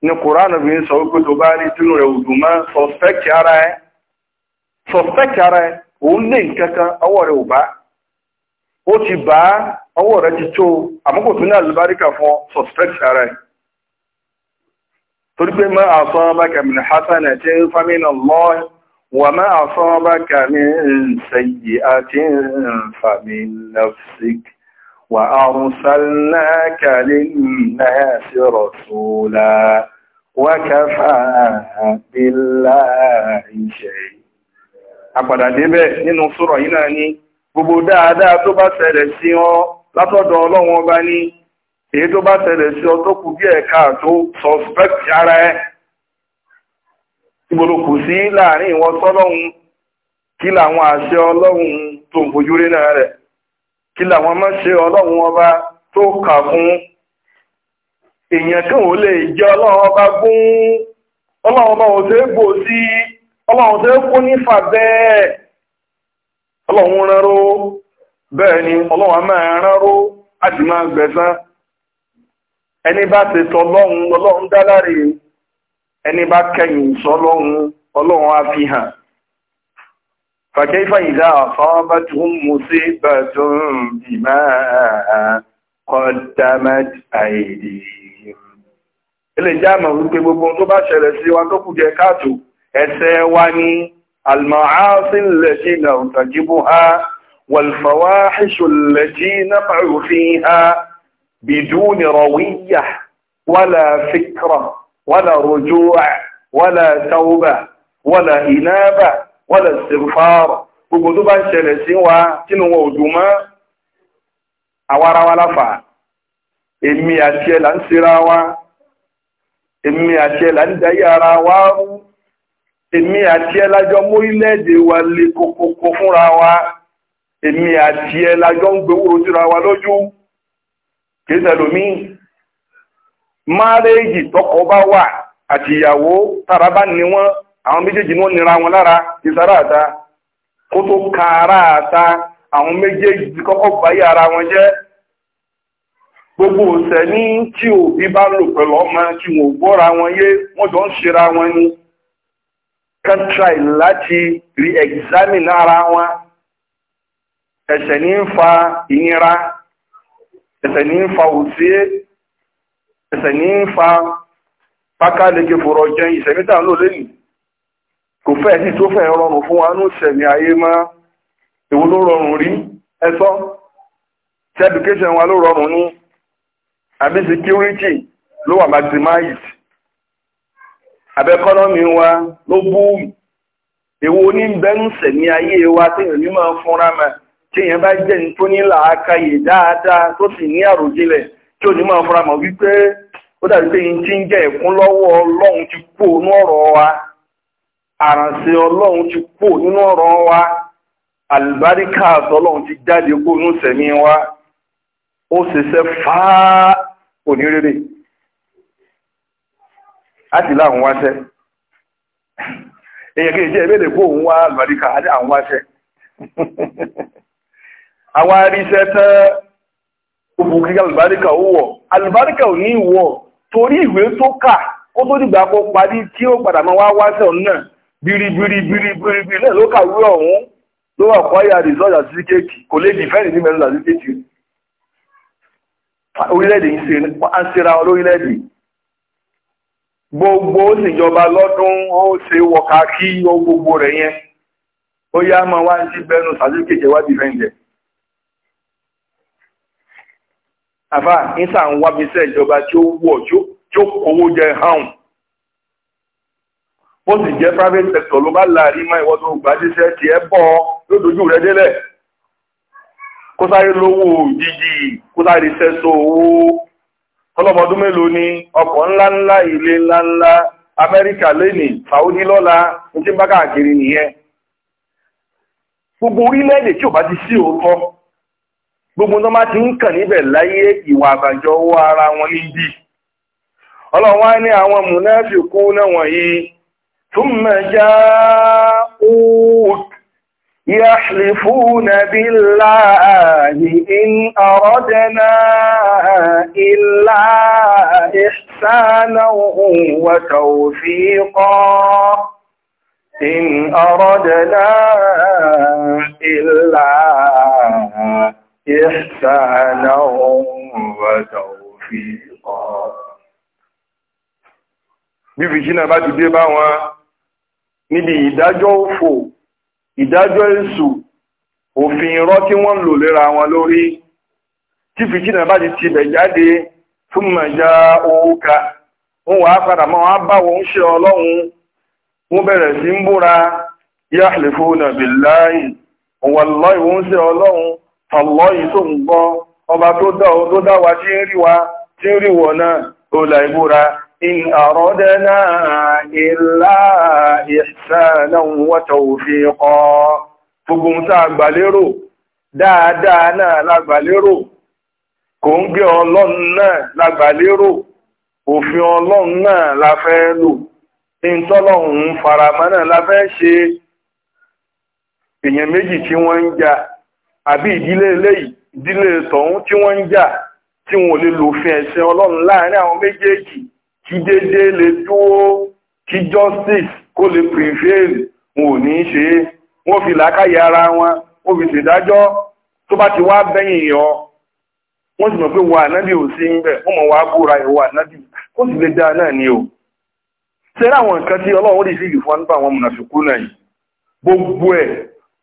ni kòránù bí ń sọ wípé tó bá rí tínú rẹ̀ òdùn máa sọ̀spẹ́kì ara ẹ̀ sọ̀spẹ́kì ara ẹ̀ òun lè nkankan ọwọ́ rẹ̀ ò bá ó ti bá ọwọ́ rẹ̀ ti tó àmúkò tó ní àlùbáríkà fún sọ̀spẹ́kì ara ẹ̀ torí pé máa ọba hasan àti wà وأرسلناك للناس رسولا وكفى بالله شيئا àpàdà débẹ̀ nínú sọ̀rọ̀ yìí náà ni gbogbo dáadáa tó bá ṣẹlẹ̀ sí ọ látọ̀dọ̀ ọlọ́run ọba ní èyí tó bá ṣẹlẹ̀ sí ọ tó kù suspect ara ẹ ìgbòlòkù sí láàrin ìwọ kí làwọn àṣẹ ọlọ́run tó ń fojú rí náà rẹ̀ kí làwọn máa ṣe ọlọ́run ọba tó kà fún èèyàn kí wọ́n lè jẹ́ ọlọ́run ọba gún ọlọ́run ọba ò tó gbò sí ọlọ́run tó kú ní fàbẹ́ ọlọ́run ránró bẹ́ẹ̀ ni ọlọ́run a máa ránró a sì máa gbẹ̀san ẹni bá ti tọ ọlọ́run ọlọ́run dá láre ẹni bá kẹ̀yìn sọ ọlọ́run ọlọ́run á fi hàn فكيف إذا أصابتهم مصيبة بما قدمت أيديهم اللي ìjá àmà wípé gbogbo جاكاتو bá ṣẹlẹ̀ المعاصي التي نرتكبها والفواحش التي نقع فيها بدون روية ولا فكرة ولا رجوع ولا توبة ولا إنابة wọ́n lè ṣèrú fáàrọ̀ gbogbo tó bá ń ṣẹlẹ̀ sí wa tínú wọn ò dùn mọ́ àwa ara wa láfà èmi àti ẹ̀ ń ṣera wa èmi àti ẹ̀ là ń darí ara wa rú èmi àti ẹ̀ lájọ mórílẹ̀-èdè wa lè kókókó fúnra wa èmi àti ẹ̀ lájọ ń gbowóró síra wa lójú kìí sẹlòmíì àwọn méjèèjì wọ́n nira wọn lára ìsára àta kó tó ka ara àta àwọn méjèèjì ti kọ́kọ́ báyé ara wọn jẹ́ gbogbo ọ̀sẹ̀ ní tí òbí bá lò pẹ̀lú ọmọ tí wọ́n gbọ́ra wọn yé wọ́n jọ ń ṣera wọn ni kẹ́tìráì láti rí ẹ̀gzámìn ara wọn ẹ̀ṣẹ̀ ní ń fa ìnira ẹ̀ṣẹ̀ ní ń fa òsí ẹ̀ṣẹ̀ ní ń fa pákáleke fòrọ̀ jẹun ìṣẹ̀mítà ń lò lẹ́yìn kò fẹ́ ní tó fẹ́ rọrùn fún wa ní ṣẹ̀mí ayé mọ́ èwo ló rọrùn rí ẹ̀sọ́ tí education wa ló rọrùn ní àbí security ló wà maximized àbí wa ló boom ewu ní bẹ́nu ayé wa téèyàn ní máa fúnra mọ́ téèyàn bá jẹ́ ní tó ní làákàyè dáadáa tó sì ní àròjinlẹ̀ tí ò ní máa fúnra mọ́ wípé ó dàbí pé yín ti ń jẹ́ ẹ̀kún lọ́wọ́ ọlọ́run ti kú òun àrànṣe ọlọ́run ti pò nínú ọ̀rọ̀ wa àlùbáríkà ọlọ́run ti jáde kó nínú sẹ̀mí wa ó ṣiṣẹ́ fáá onírèrè láti láwọn wáṣẹ́ èyàn kìí jẹ́ ìbéèrè kó òun wá àlùbáríkà àti àwọn wáṣẹ́ àwọn tán àlùbáríkà ó wọ̀ àlùbáríkà ò ní ìwọ̀ torí biribiribiribiri náà ló kàwé ọ̀hún ló wà fún àyà rìsọ́ọ̀jà sí kéèkì kò lè dì fẹ́ẹ̀rì ní mẹ́rin làdí kéèkì orílẹ̀-èdè ń ṣera olórílẹ̀-èdè gbogbo ó sì jọba lọ́dún ó ṣe wọ̀ká kí ó gbogbo rẹ̀ yẹn ó yá máa wá sí bẹnu sàdúkèjẹ wá dìfẹ́ǹdẹ̀ àfà ń sàn wábi sẹ́ ìjọba tí ó wọ̀ tí ó kówó jẹ hàn bó si je private sector ló bá láàrí mọ́ ìwọ́n tó gbà ti ẹ bọ́ yóò dojú rẹ délẹ̀ kó sáré lówó jíjì kó sáré owó mélòó ni ọkọ nlanla ilé ńláńlá Amẹ́ríkà lẹ́nì Saudi lọ́la ní tí bá nìyẹn gbogbo orílẹ̀-èdè tí ò bá ti sí òótọ́ gbogbo ti ń kàn níbẹ̀ láyé ìwà àbàjọ ara wọn ọlọ́wọ́n á ní àwọn ثم جاءوا يحلفون بالله إن أردنا إلا إحسانا وتوفيقا إن أردنا إلا إحسانا وتوفيقا bí fìṣínà bá ti dé níbi ìdájọ́ òfò ìdájọ́ ofin òfin ti tí wọ́n ń lò lera wọn lórí tí bá ti ti bẹ̀ jáde fún màjá òóka wọ́n wà á padà mọ́ wọ́n bá wọn ṣe ọlọ́run wọ́n bẹ̀rẹ̀ sí ń búra yahlifuna billahi wallahi wọ́n ṣe ọlọ́run tàlọ́yì tó ń gbọ́ ọba tó dá wa tí ń wa náà ó là إن أردنا إلا إحسانا وتوفيقا فقم تأباليرو dáadáa lágbàlérò kò ń gbé ọlọ́run náà lágbàlérò òfin ọlọ́run náà la fẹ́ lò ìntọ́lọ́run faramọ́ náà la fẹ́ ṣe èèyàn méjì tí wọ́n ń jà àbí ìdílé eléyìí ìdílé tọ̀hún tí wọ́n ń jà tí wọ́n lè lòfin ẹ̀sìn ọlọ́run láàrin àwọn méjèèjì kí dédé lè dúró kí justice kó lè prevail wọn ò ní ṣe wọ́n fi làákàyè ara wọn ó fi ṣèdájọ́ tó bá ti wá bẹ́yìn yọ wọ́n sì mọ̀ pé wà náàbì ò sí ń bẹ̀ wọ́n mọ̀ wá búra ìwà kó sì lè dáa náà ni o sẹ́rẹ́ àwọn nǹkan tí ọlọ́run ó sí ìfún nípa àwọn mùnàfikú náà yìí gbogbo ẹ̀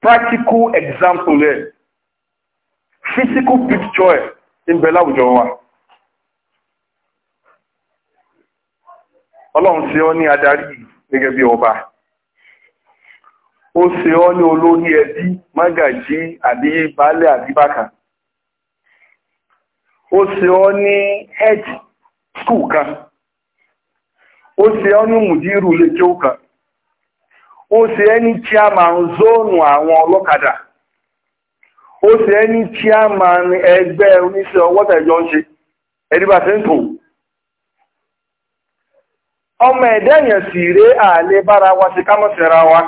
practical example ẹ̀ physical picture ẹ̀ ń bẹ láwùjọ wa ọlọ́run ṣe ọ́ ní adarí gẹ́gẹ́ bí ọba ó ṣe ọ́ ní olórí ẹbí mágàjí àbí baálẹ̀ àbí bákan ó ṣe ọ́ ní head school kan ó ṣe ọ́ ní mùdírù lékéwù kan ó ṣe ẹ́ ní chairman zónù àwọn ọlọ́kadà ó ṣe ẹ́ ní chairman ẹgbẹ́ oníṣẹ́ ọwọ́tẹ̀jọ́ ń ṣe ẹ̀rí ń tòun ọmọ ẹ̀dẹ́ èèyàn sì ré ààlé wa sí ká mọ́sẹ̀ra wa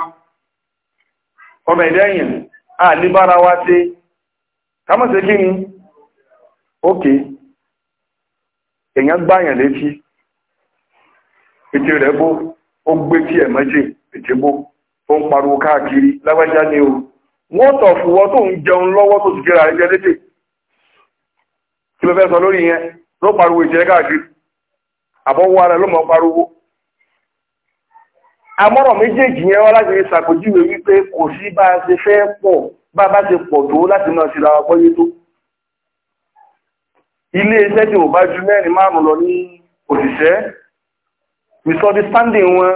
ọmọ ẹ̀dẹ́ èèyàn ààlé wa sí ká mọ́sẹ̀ kí ni ókè gbáyàn létí rẹ̀ o wọ́n tọ̀ fúwọ́ tó ń jẹun lọ́wọ́ tó jẹ́ létè kí fẹ́ sọ lórí àmọ́rọ̀ méjèèjì yẹn wá láti rí ṣàpèjúwe wípé kò sí bá a ṣe fẹ́ pọ̀ bá a bá ṣe pọ̀ tó láti náà ṣe làwọn gbọ́yé tó ilé iṣẹ́ tí ò bá ju mẹ́rin márùn-ún lọ ní òṣìṣẹ́ misunderstanding wọn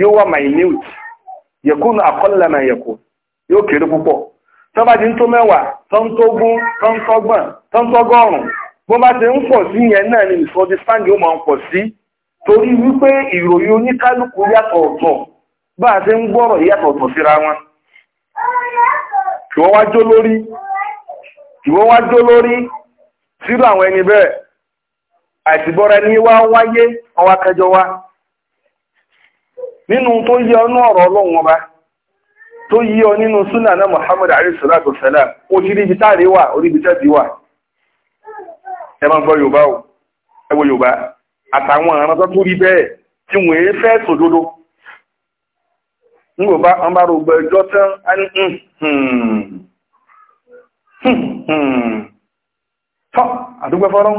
yóò wà minute yẹ̀kún àkọ́lẹ̀ náà yẹ̀kún yóò kéré púpọ̀ tó bá ti ń tó mẹ́wàá tó ń tó gún tó ń tọ́gbọ̀n tó ń tọ́gọ́rùn-ún bó bá ti ń pọ̀ sí yẹn náà ni misunderstanding ó máa ń pọ̀ sí torí wípé ìròyìn oníkálukú yàtọ̀ ọ̀tọ̀ bá a ṣe ń gbọ́rọ̀ yàtọ̀ ọ̀tọ̀ síra wọn ìwọ́n wọ́n wá jó lórí àwọn ẹni bẹ́ẹ̀ àìsìbọ́ra ní wá wáyé ọwá kẹjọ wá nínú tó yẹ ọ ní ọ̀rọ̀ tó yí ọ nínú Muhammad ó táàrí wà wà ẹ àtàwọn àrán tó rí bẹ́ẹ̀ tí wọ́n èé fẹ́ sòdodo ń bá ń bá rògbò ẹjọ́ tán á ní hmm, hmm, hmm, tọ́ àdúgbẹ́ fọ́lọ́n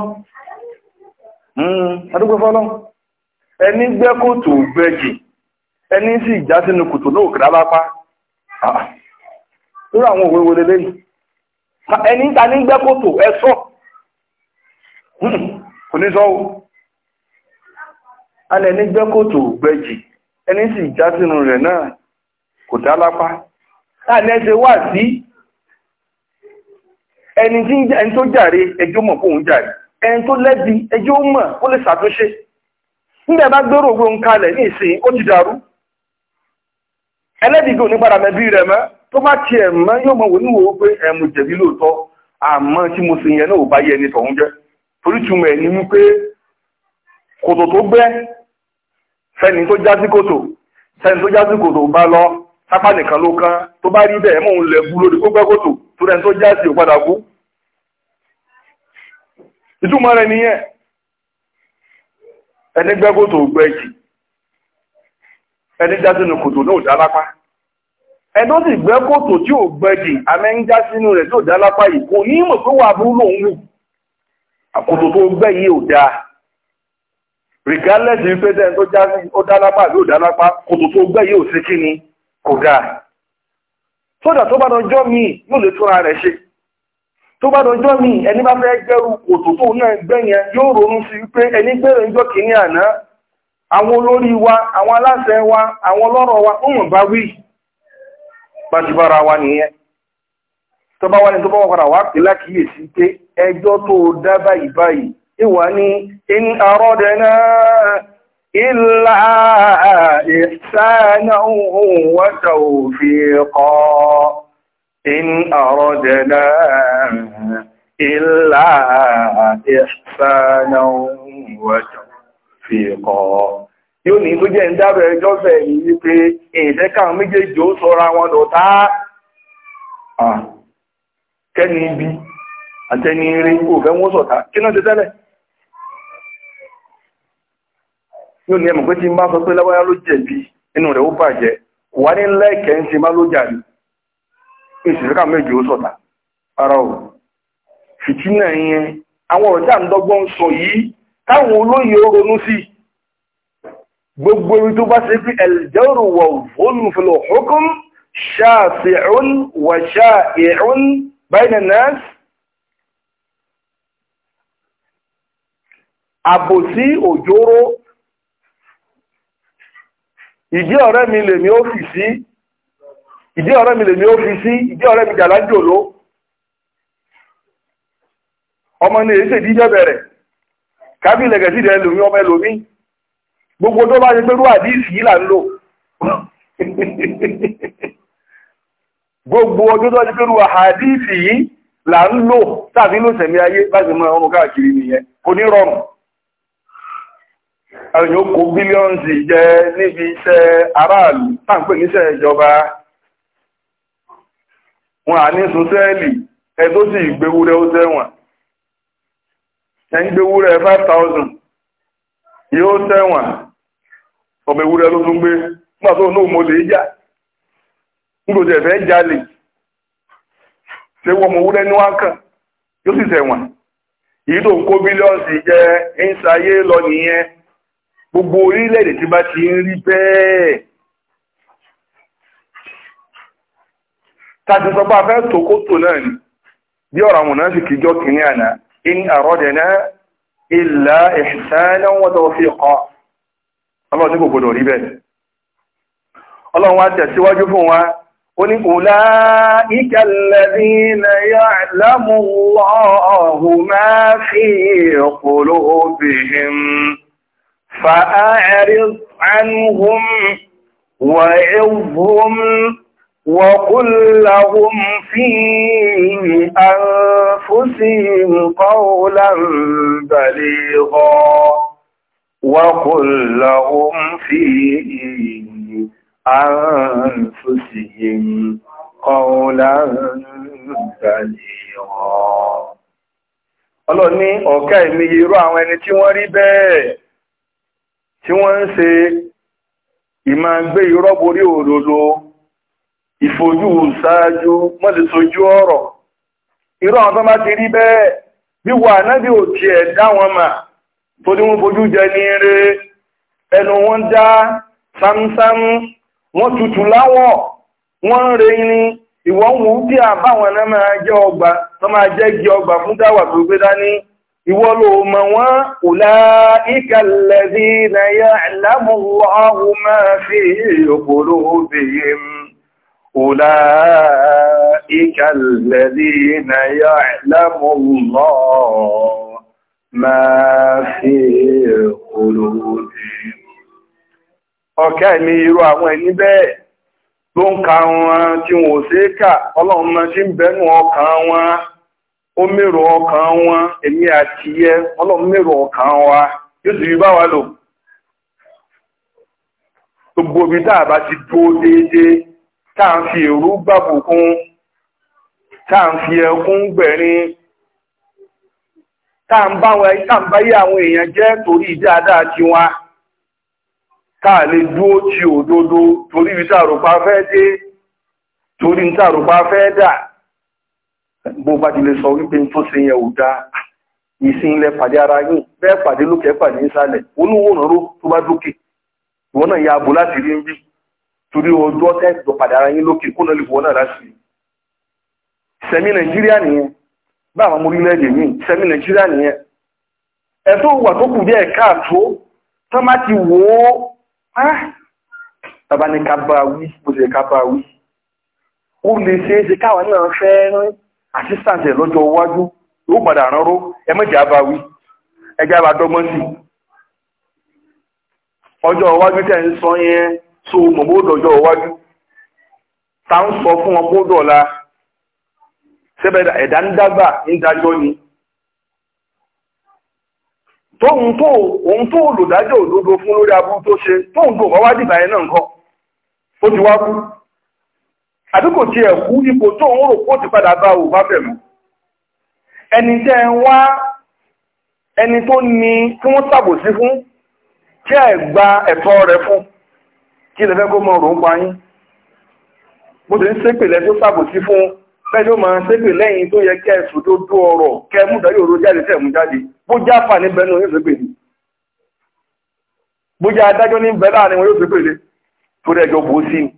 àdúgbẹ́ fọ́lọ́n ẹni gbẹ́ kòtò gbẹ́jì ẹni sì já sínú kòtò náà kìrá lápá lórí àwọn òwe wọlé lẹ́yìn ẹni ta ní gbẹ́ kòtò ẹ sọ kò ní sọ o alẹ́ ní gbẹ́kòtò gbẹ́jì ẹni sì já sínú rẹ̀ náà kò dá lápá láàrin ẹsẹ̀ wà sí ẹni tó jàre ẹjọ́ mọ̀ fóun jàre ẹni tó lẹ́bi ẹjọ́ mọ̀ ó lè ṣàtúnṣe nígbà bá gbérò ogun ń kalẹ̀ ní ìsìn ó ti dàrú ẹlẹ́dìgbò ní padà mẹ́bí rẹ̀ mọ́ tó bá tiẹ̀ mọ́ fẹ́ni tó já sí kòtò fẹ́ni tó bá lọ sápá nìkan ló kán tó bá rí bẹ́ẹ̀ mọ̀ ń lẹ̀ bú lórí gbogbo kòtò tó rẹ̀ tó já sí ò padà kú. ìtumọ̀ rẹ̀ nìyẹn ẹni gbẹ́ kòtò gbẹ́ jì ẹni jásí sínú kòtò náà dá lápá ẹni sì gbẹ́ kòtò tí ò gbẹ́ jì àmẹ́ ń regardless ní pé dẹ́n tó já sí ó dálápá yóò dálápá kòtò tó gbẹ́ yóò sí kí ni kò dáa sódà tó bá dọjọ́ míì yóò lè túnra rẹ̀ ṣe tó bá dọjọ́ míì ẹni bá fẹ́ gbẹ́rù kòtò tó náà gbẹ́ yẹn yóò ronú sí pé ẹni gbẹ́rẹ̀ ńjọ́ kìíní àná àwọn olórí wa àwọn aláṣẹ wa àwọn ọlọ́rọ̀ wa ó mọ̀ bá wí gbajúbára wa nìyẹn tó bá wá ní tó bá wà padà wá pè lákìíyèsí pé ẹjọ́ tó dá báyìí báyìí ìwà ni in àrọ́dẹ̀ná ìlà ìsánáhùn wọ́ta òfìkọ́ in àrọ́dẹ̀ná ìlà ìsánáhùn wọ́ta òfìkọ́ yóò ní tó jẹ́ ń dábẹ̀ ẹjọ́ fẹ̀ ní wípé ìfẹ́kà méjèèjì ó sọ́ra wọn dọ̀tá ah, kẹ́ni ibi àtẹni rí òfẹ́ wọ́n sọ̀tà kí náà ti tẹ́lẹ̀ yóò ní ẹmọ̀ pé tí máa sọ pé láwáyá ló jẹ̀bi inú rẹ̀ ó bàjẹ́ wà ní lẹ́ẹ̀kẹ́ ń ṣe má ló jàrí ìṣẹ̀fẹ́kà méjì ó sọ̀tà ara ò fìtínà yẹn àwọn ọ̀rọ̀ tí à ń dọ́gbọ́n sọ àbòsí òjóró ìdí ọ̀rẹ́ mi lèmi ó fi sí ìdí ọ̀rẹ́ mi lèmi ó fi sí ìdí ọ̀rẹ́ mi jàlá jòló ọmọ ní èyí tèdí jẹ́ bẹ̀rẹ̀ kábí ilẹ̀kẹ̀ sí ìdẹ̀ lómi ọmọ ẹlòmí gbogbo tó bá ṣe pé rú àdíìsì yìí là ń lò gbogbo ọjọ́ tó ṣe pé rú àdíìsì yìí là ń lò tàbí lò sẹ̀mí ayé bá ṣe mọ́ ọrùn káàkiri nìyẹn kò ní rọrùn ẹ̀yìn ó bílíọ̀nsì jẹ níbi iṣẹ́ aráàlú pè níṣẹ́ ìjọba wọn à ní sọ́sẹ́ẹ̀lì ẹ tó sì gbéwúrẹ́ ó ẹ ń gbéwúrẹ́ 5000 yóò tẹ́wọ̀n ọmọ ló tún gbé nígbà tó náà mo lè ẹ̀fẹ́ jalè wọ́n mo wúrẹ́ ní yóò sì tó lọ nìyẹn gbogbo orílẹ̀-èdè tí bá ti ń rí bẹ́ẹ̀ tàbí sọpá fẹ́ tókótò náà ni bí ọ̀rọ̀ àwọn náà sì kìjọ kìíní àná in àrọ́dẹ̀ná ìlà ìṣẹ́lẹ̀ wọ́n tọ́ fi ya'lamu Allahu ma fi qulubihim فأعرض عنهم وعظهم وقل لهم في أنفسهم قولا بليغا وقل لهم في أنفسهم قولا بليغا Ọlọ́run ní ọ̀ká ìmì irú àwọn ẹni tí wọ́n rí bẹ́ẹ̀. tí wọ́n ń se ìmá gbé irọ́ borí òdodo ìfojú ṣáájú mọ́lẹ̀sojú ọ̀rọ̀ irọ́ àwọn tó bá ti rí bẹ́ẹ̀ bí wà náà bí ò ẹ̀ dá wọn mà tó ní wọ́n bojú jẹ ní eré ẹnu wọn já sámsám wọ́n tutù láwọ̀ wọ́n ń re ní ìwọ̀n wù kí àbáwọn náà máa jẹ́ ọgbà ìwọ ló mọ̀ wọ́n ulaika alladhina ya'lamu Allahu ma fi qulubihim ulaika alladhina ya'lamu Allahu ma fi qulubihim ọ̀kẹ́ ni irú àwọn ẹni bẹ́ẹ̀ ló ń ka wọn tí wọn sí kà ọlọ́run mọ́ sí bẹ́nu ọkàn wọn ó mèrò ọkàn wọn èmi àti yẹ ọlọ́run mèrò ọkàn wa yóò sì bawa bá wa lò gbogbo omi tá a bá ti dúó déédéé tá à fi èrú gbàbùkún tá à fi ẹkún gbẹ̀rin tá à ń bá wọn tá à ń báyé àwọn èèyàn jẹ́ torí dáadáa tiwa tá à lè dúó ti òdodo torí ibi tá a rò pa fẹ́ dé torí ní tá a rò pa fẹ́ dà. bó bá ti lè sọ wípé tó ṣe yẹn ò dáa ìsìn ilẹ̀ pàdé ara yìí bẹ́ẹ̀ pàdé lókè pàdé ìsàlẹ̀ olúwòrán ró tó bá dókè ìwọ náà ya abo láti rí níbí torí ọjọ́ tẹ́ẹ̀tì tó pàdé ara yín lókè kó náà lè wọ náà láti rí sẹ́mi nàìjíríà nìyẹn bá àwọn orílẹ̀-èdè míì sẹ́mi nàìjíríà nìyẹn ẹ̀tọ́ wà tó kù díẹ̀ káàtó tó má ti wò ó tàbá ní kábàáwí bó ṣe kábàáwí ó lè ṣeé ṣe káwa náà fẹ́ẹ́ assistance ẹ̀ lọ́jọ́ iwájú yóò padà ránró ẹ mẹ́jà bá wí ẹjá bá dọ́gbọ́n sí ọjọ́ iwájú tẹ̀ ń sọ yẹn tó mọ̀ bó dọjọ́ iwájú ta ń sọ fún wọn bó dọ̀la sẹ́bẹ̀ ẹ̀dá ń dágbà ń dájọ́ ni tóhun tó òun tó lòdájọ́ òdodo fún lórí aburú tó ṣe tóhun tó wá wá ẹ̀ náà nǹkan ó ti wá kú àbí kò tiẹ̀ kú ipò tó ń rò kó ti padà bá ò bá bẹ̀ mọ́ ẹni tẹ́ ẹ wá ẹni tó ní kí wọ́n ṣàbòsí fún kí ẹ gba ẹ̀tọ́ rẹ̀ fún kí lẹ fẹ́ kó mọ̀ ròún pa yín bó ti ń ṣépèlẹ̀ tó ṣàbòsí fún bẹ́ẹ̀ ló máa ṣépè lẹ́yìn tó yẹ kẹ́ ẹ̀sùn tó dó ọ̀rọ̀ kẹ́ mú dáyé òró jáde tẹ̀ mú jáde bó já fà ní bẹ́ẹ̀ yóò ṣépè ní bó já adájọ́ ní bẹ́ẹ̀ láàrin wọn yóò ṣépèlẹ̀ tó rẹ̀ jọ bó sí ni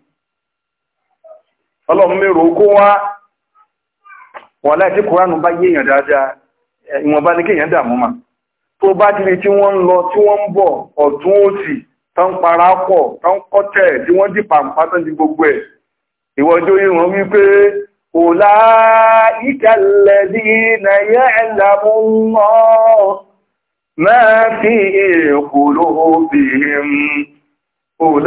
ọlọ́run mẹ́rọ kó wá wọ́n láti kòránù bá yíyàn dáadáa ìwọ̀nba ní kíyàn dàmú ma tó bá ti lè tí wọ́n ń lọ tí wọ́n ń bọ̀ ọ̀tún òsì tán para pọ̀ tán kọ́tẹ̀ tí wọ́n dì pàǹpá tán di gbogbo ẹ̀ ìwọ́jọ́ ìrùn wípé òlá ìkàlẹ̀dí nàyà ẹ̀làmú أولئك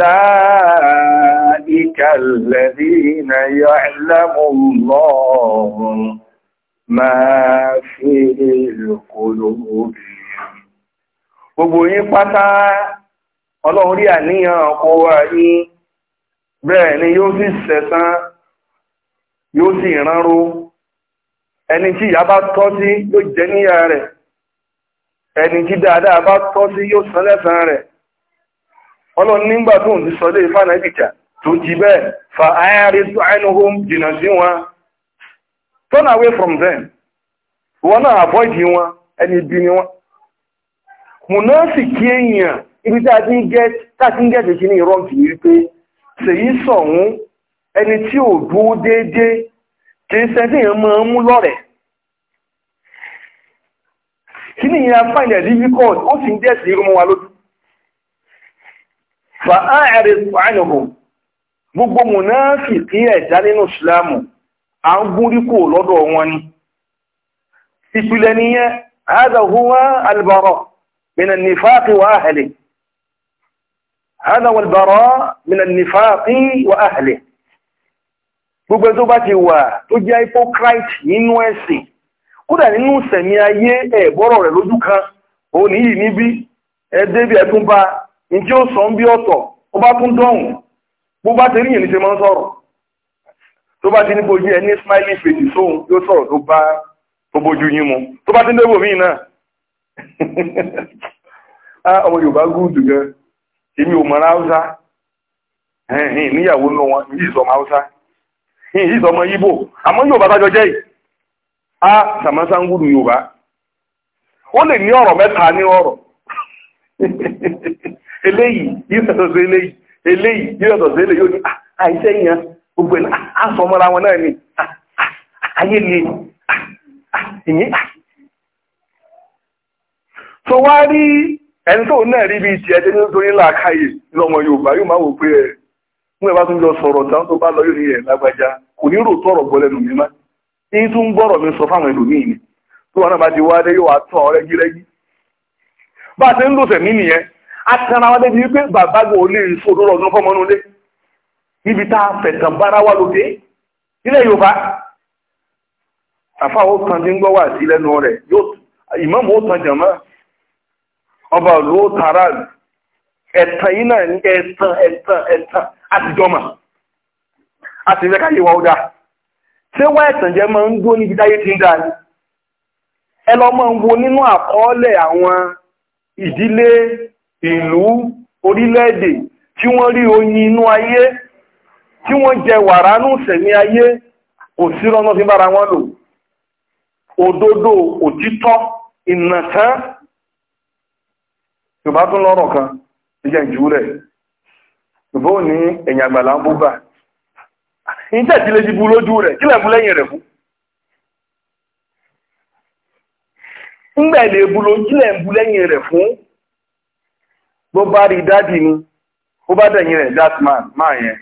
الذين يعلم الله ما في القلوب gbogbo yín pátá ọlọ́run rí àníyàn ọkọ̀ wa yín bẹ́ẹ̀ ni yóò sì sẹ̀sán yóò sì ránró ẹni tí ìyà bá tọ́ sí yóò jẹ níyà rẹ̀ ẹni tí dáadáa bá tọ́ sí yóò san rẹ̀ ọlọ́run nígbà tó ń sọ lé fánàbìjà tó jí bẹ́ẹ̀ fa ayárí àìnuhun jìnà sí wọn turn away from them wọn náà avoid wọn ẹni bí ni wọn mùnáàsì kí èèyàn ibi tí a ti ń gẹ́ tàbí ń gẹ́ẹ̀tẹ̀ kí ní ìrọ́ kìí rí pé ṣèyí sọ̀hún ẹni tí ò dúó déédéé kìí sẹ́ńtì èèyàn máa ń mú lọ́rẹ̀ẹ́ kí ní ìyẹn afáìlẹ̀ difficult ó sì ń dẹ̀sí irú mọ́ wa lójú fa ààrẹ pàánìhùn gbogbo mùnáàfì tí ẹ̀dá nínú ìsìlámù a ń gúrí kò lọ́dọ̀ wọn ni ìpìlẹ̀ nìyẹn هذا هو البراء من النفاق وأهله هذا هو البراء من النفاق وأهله gbogbo tó bá ti wà tó jẹ́ hypocrite nínú ẹ̀sìn kódà nínú sẹ̀mí ayé ẹ̀bọ́rọ̀ rẹ̀ lójú kan òní yìí níbi ẹ̀dẹ́bí ẹ̀tún ndị ó sọ ń bí ọ̀tọ̀ ó bá tún dọ̀hùn bó bá ti ríyìn ní ṣe máa ń sọ̀rọ̀ tó bá ti ní bojú smiley face sóhun yóò sọ̀rọ̀ tó bá tó bójú yín mu tó bá ti náà ah, ọmọ Yorùbá gúúdù gan èmi ò mọ̀ra Haúsá níyàwó náà wọn Haúsá àmọ́ Yorùbá yìí á sàmásá ń gúdù Yorùbá ó lè ní ọ̀rọ̀ mẹ́ta ní eléyìí yóò tẹ̀sọ̀ sí eléyìí eléyìí yóò tẹ̀sọ̀ sí eléyìí yóò ní àìsẹ́ ah, ah, yẹn gbogbo ẹ̀ àsọ ah, mọ́ra wọn náà ni ayé le ìyẹn. sọ wá rí ẹni tó náà rí bí Yorùbá yóò máa wò pé fún ẹ bá tún tán tó bá lọ yóò ní lágbájá kò ní rò sọ fáwọn ni tó wọn náà bá ti wá dé yóò wá bá a atara wa débi wípé bàbá gbò lè rí fún olóró ọdún fọmọ nulẹ níbi tá a fẹ̀tàn bára wa lóde nílẹ̀ yorùbá àfa ó tan tí ọba òlú tara ẹ̀tàn yìí ẹ̀tàn ẹ̀tàn ẹ̀tàn àtijọ́mà àti ó ṣé wá ẹ̀tàn jẹ́ máa ti ń wo nínú àkọọ́lẹ̀ àwọn ìdílé ìlú orílẹ̀-èdè tí wọ́n rí oyin inú ayé tí wọ́n jẹ wàránú sẹ̀mí ayé kò sí rọ́nà tí bára wọn lò òdodo òtítọ́ ìnàtán yorùbá tún lọ́rọ̀ kan ìjẹ́ ìjú rẹ̀ yorùbá ò ní ẹ̀yìn àgbàlá ń búgbà ìjẹ́ ìdílé ti bu lójú rẹ̀ lẹ́yìn rẹ̀ fún bó bá rí dádì ni ó bá dẹ̀yìn rẹ̀ that man máa yẹn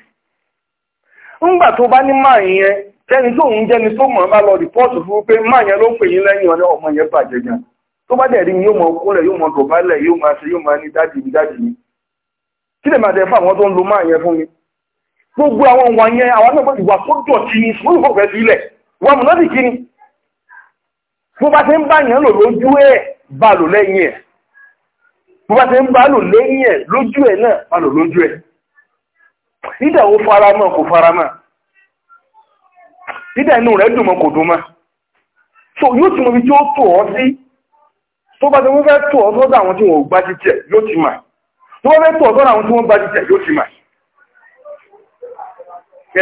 ńgbà tó bá ní máa yẹn tẹ́ni tó ń jẹ́ni tó mọ̀ bá lọ rìpọ́ọ̀tù fún pé máa yẹn ló pè yín lẹ́yìn ọ̀nà ọmọ yẹn bàjẹ́ gan tó bá dẹ̀ rí ni yóò mọ kúnlẹ̀ yóò mọ dọ̀bálẹ̀ yóò máa ṣe yóò máa ní dádì mi dádì mi kí lè máa tẹ fún àwọn tó ń lo máa yẹn fún mi gbogbo àwọn ìwà yẹn àwọn náà ìwà tó dọ̀tí ni sùúrù kò fẹ́ sílẹ̀ wà mọ̀ lọ́dì kí ni bó bá ti ń bá yẹn lò lójú ẹ̀ bá lò lẹ́yìn ẹ̀ bó bá ti ń bá lò lẹ́yìn ẹ̀ lójú ẹ̀ náà bá lò lójú ẹ̀ dídà ó fara mọ́ kò fara mọ́ dídà inú rẹ̀ dùn mọ́ kò dùn mọ́ so yóò ti mọ ibi tí ó tò ọ́ sí tó bá ti wọ́n fẹ́ tò ọ́ sọ́dọ̀ àwọn tí wọ́n gbá jíjẹ yóò ti mà tó bá fẹ́ tò ọ́ sọ́dọ̀ àwọn tí wọ́n gbá jíjẹ yóò ti mà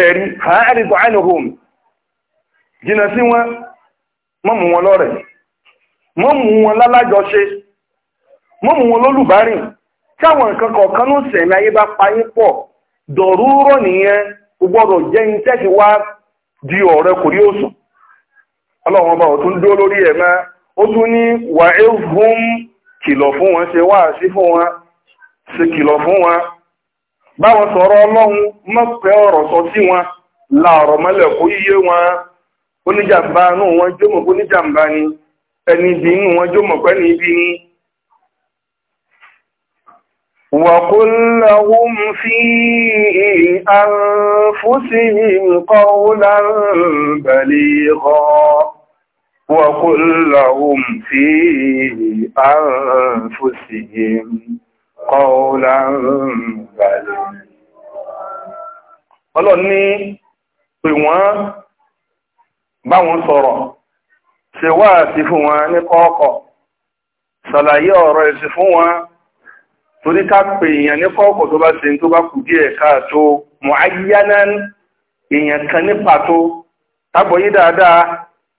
ẹ̀rí ha ẹ̀rìsọ̀ àìnàhùn jìnà sí wọn mọ́mù wọn lọ́rẹ̀ mọ́mù wọn wọ́n mú wọn lólùbárìn táwọn nǹkan kọ̀ọ̀kan ló sẹ̀mí ayé bá payé pọ̀ dọ̀rúrọ̀ nìyẹn gbọ́dọ̀ jẹ́ intẹ́kì wá di ọ̀rẹ́ kò rí ọba ọ̀tún dó lórí ẹ̀ mẹ́ ó tún ní wà é fún kìlọ̀ fún wọn ṣe wá sí fún wọn ṣe kìlọ̀ fún wọn báwọn sọ̀rọ̀ ọlọ́run mọ́pẹ́ ọ̀rọ̀ sọ sí wọn mọ́lẹ̀ kó yíyé wọn oníjàmbá inú wọn oníjàmbá ni ẹni ibi inú wọn pẹ́ وقل لهم في أنفسهم قولا بليغا وقل لهم في أنفسهم قولا بليغا Ọlọ́run ní pè wọ́n bá wọn sọ̀rọ̀, ṣe wá sí fún wọn ní kọ́ọ̀kọ̀, ṣàlàyé ọ̀rọ̀ ìsìn fún wọn torí ká pè èèyàn ní kọ́ọ̀kọ̀ tó bá ṣe tó bá kù díẹ̀ káàtó mọ̀ ayíyáná èèyàn kan ní pàtó tágbọ̀yé dáadáa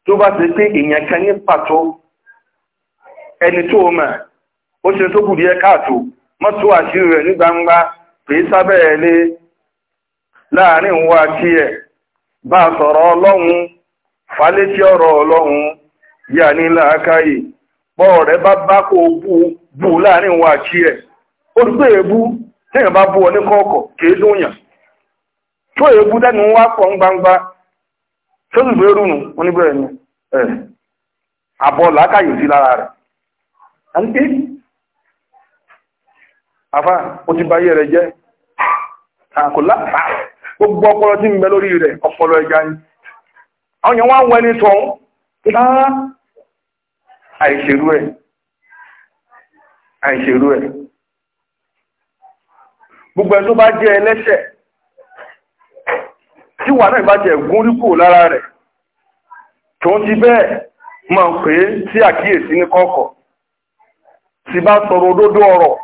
tó bá ṣe pé èèyàn kan ní pàtó ẹni tó mọ̀ ó ṣe tó kù díẹ̀ káàtó mọ́tò àṣírí rẹ̀ ní gbangba pè é sábẹ́ ẹlé láàrin wa kí ẹ̀ bá sọ̀rọ̀ ọlọ́run falétí ọ̀rọ̀ ọlọ́run yà olùgbé ebu téèyàn bá bú ọ ní kọ́ọ̀kọ̀ kìí dúnyàn tó èébú dẹ́nu wá pọ̀ ń gbangba sóṣùgbé rúnu wọn ní bẹ́ẹ̀ ni àbọ̀ làákàyè sí lára rẹ̀ àti àfá o ti gbogbo ọpọlọ tí ń bẹ lórí rẹ̀ ọpọlọ ẹja gbogbo ẹ̀ tó bá jẹ́ ẹlẹ́ṣẹ̀ tí wà náà bá jẹ́ gún ríkò lára rẹ̀ tó ti bẹ́ẹ̀ máa pè é sí àkíyèsí ní kọ́kọ̀ tí bá sọ̀rọ̀ òdodo ọ̀rọ̀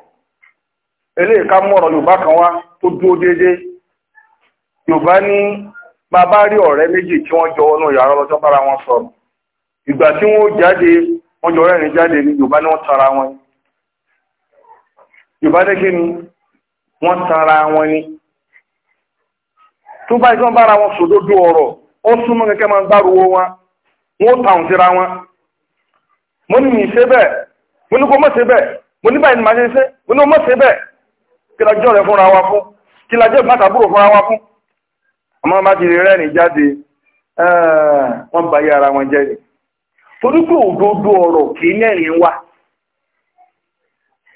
eléyìí ká mú ọ̀rọ̀ Yorùbá kan wá tó dúró déédéé Yorùbá ní bàbá rí ọ̀rẹ́ méjì tí wọ́n jọ ọ̀nà yàrá lọ́jọ́ bára wọn sọ̀rọ̀ ìgbà tí wọ́n jáde wọ́n jọ rẹ́rìn jáde ní Yorùbá ní wọ́n tara wọn Yorùbá ní kí ni wọ́n tara wọn ni tó báyìí tí wọ́n bára wọn sòdodo ọ̀rọ̀ ó súnmọ́ kẹ́kẹ́ máa ń gbárùwó wọn wọ́n tàùn síra wọn mo ní mi ṣe bẹ́ẹ̀ mo ní kó mọ́ ṣe bẹ́ẹ̀ mo ní báyìí ni màá ṣe ṣe mo ní kó mọ́ ṣe bẹ́ẹ̀ kí lajọ́ rẹ̀ fúnra wa fún kí lajọ́ ìbátàbúrò fúnra wa fún ọmọ bá ti rẹ̀ ní jáde wọ́n bá yí ara wọn jẹ́ ni torí pé òdodo ọ̀rọ̀ kì í nẹ́rìn wá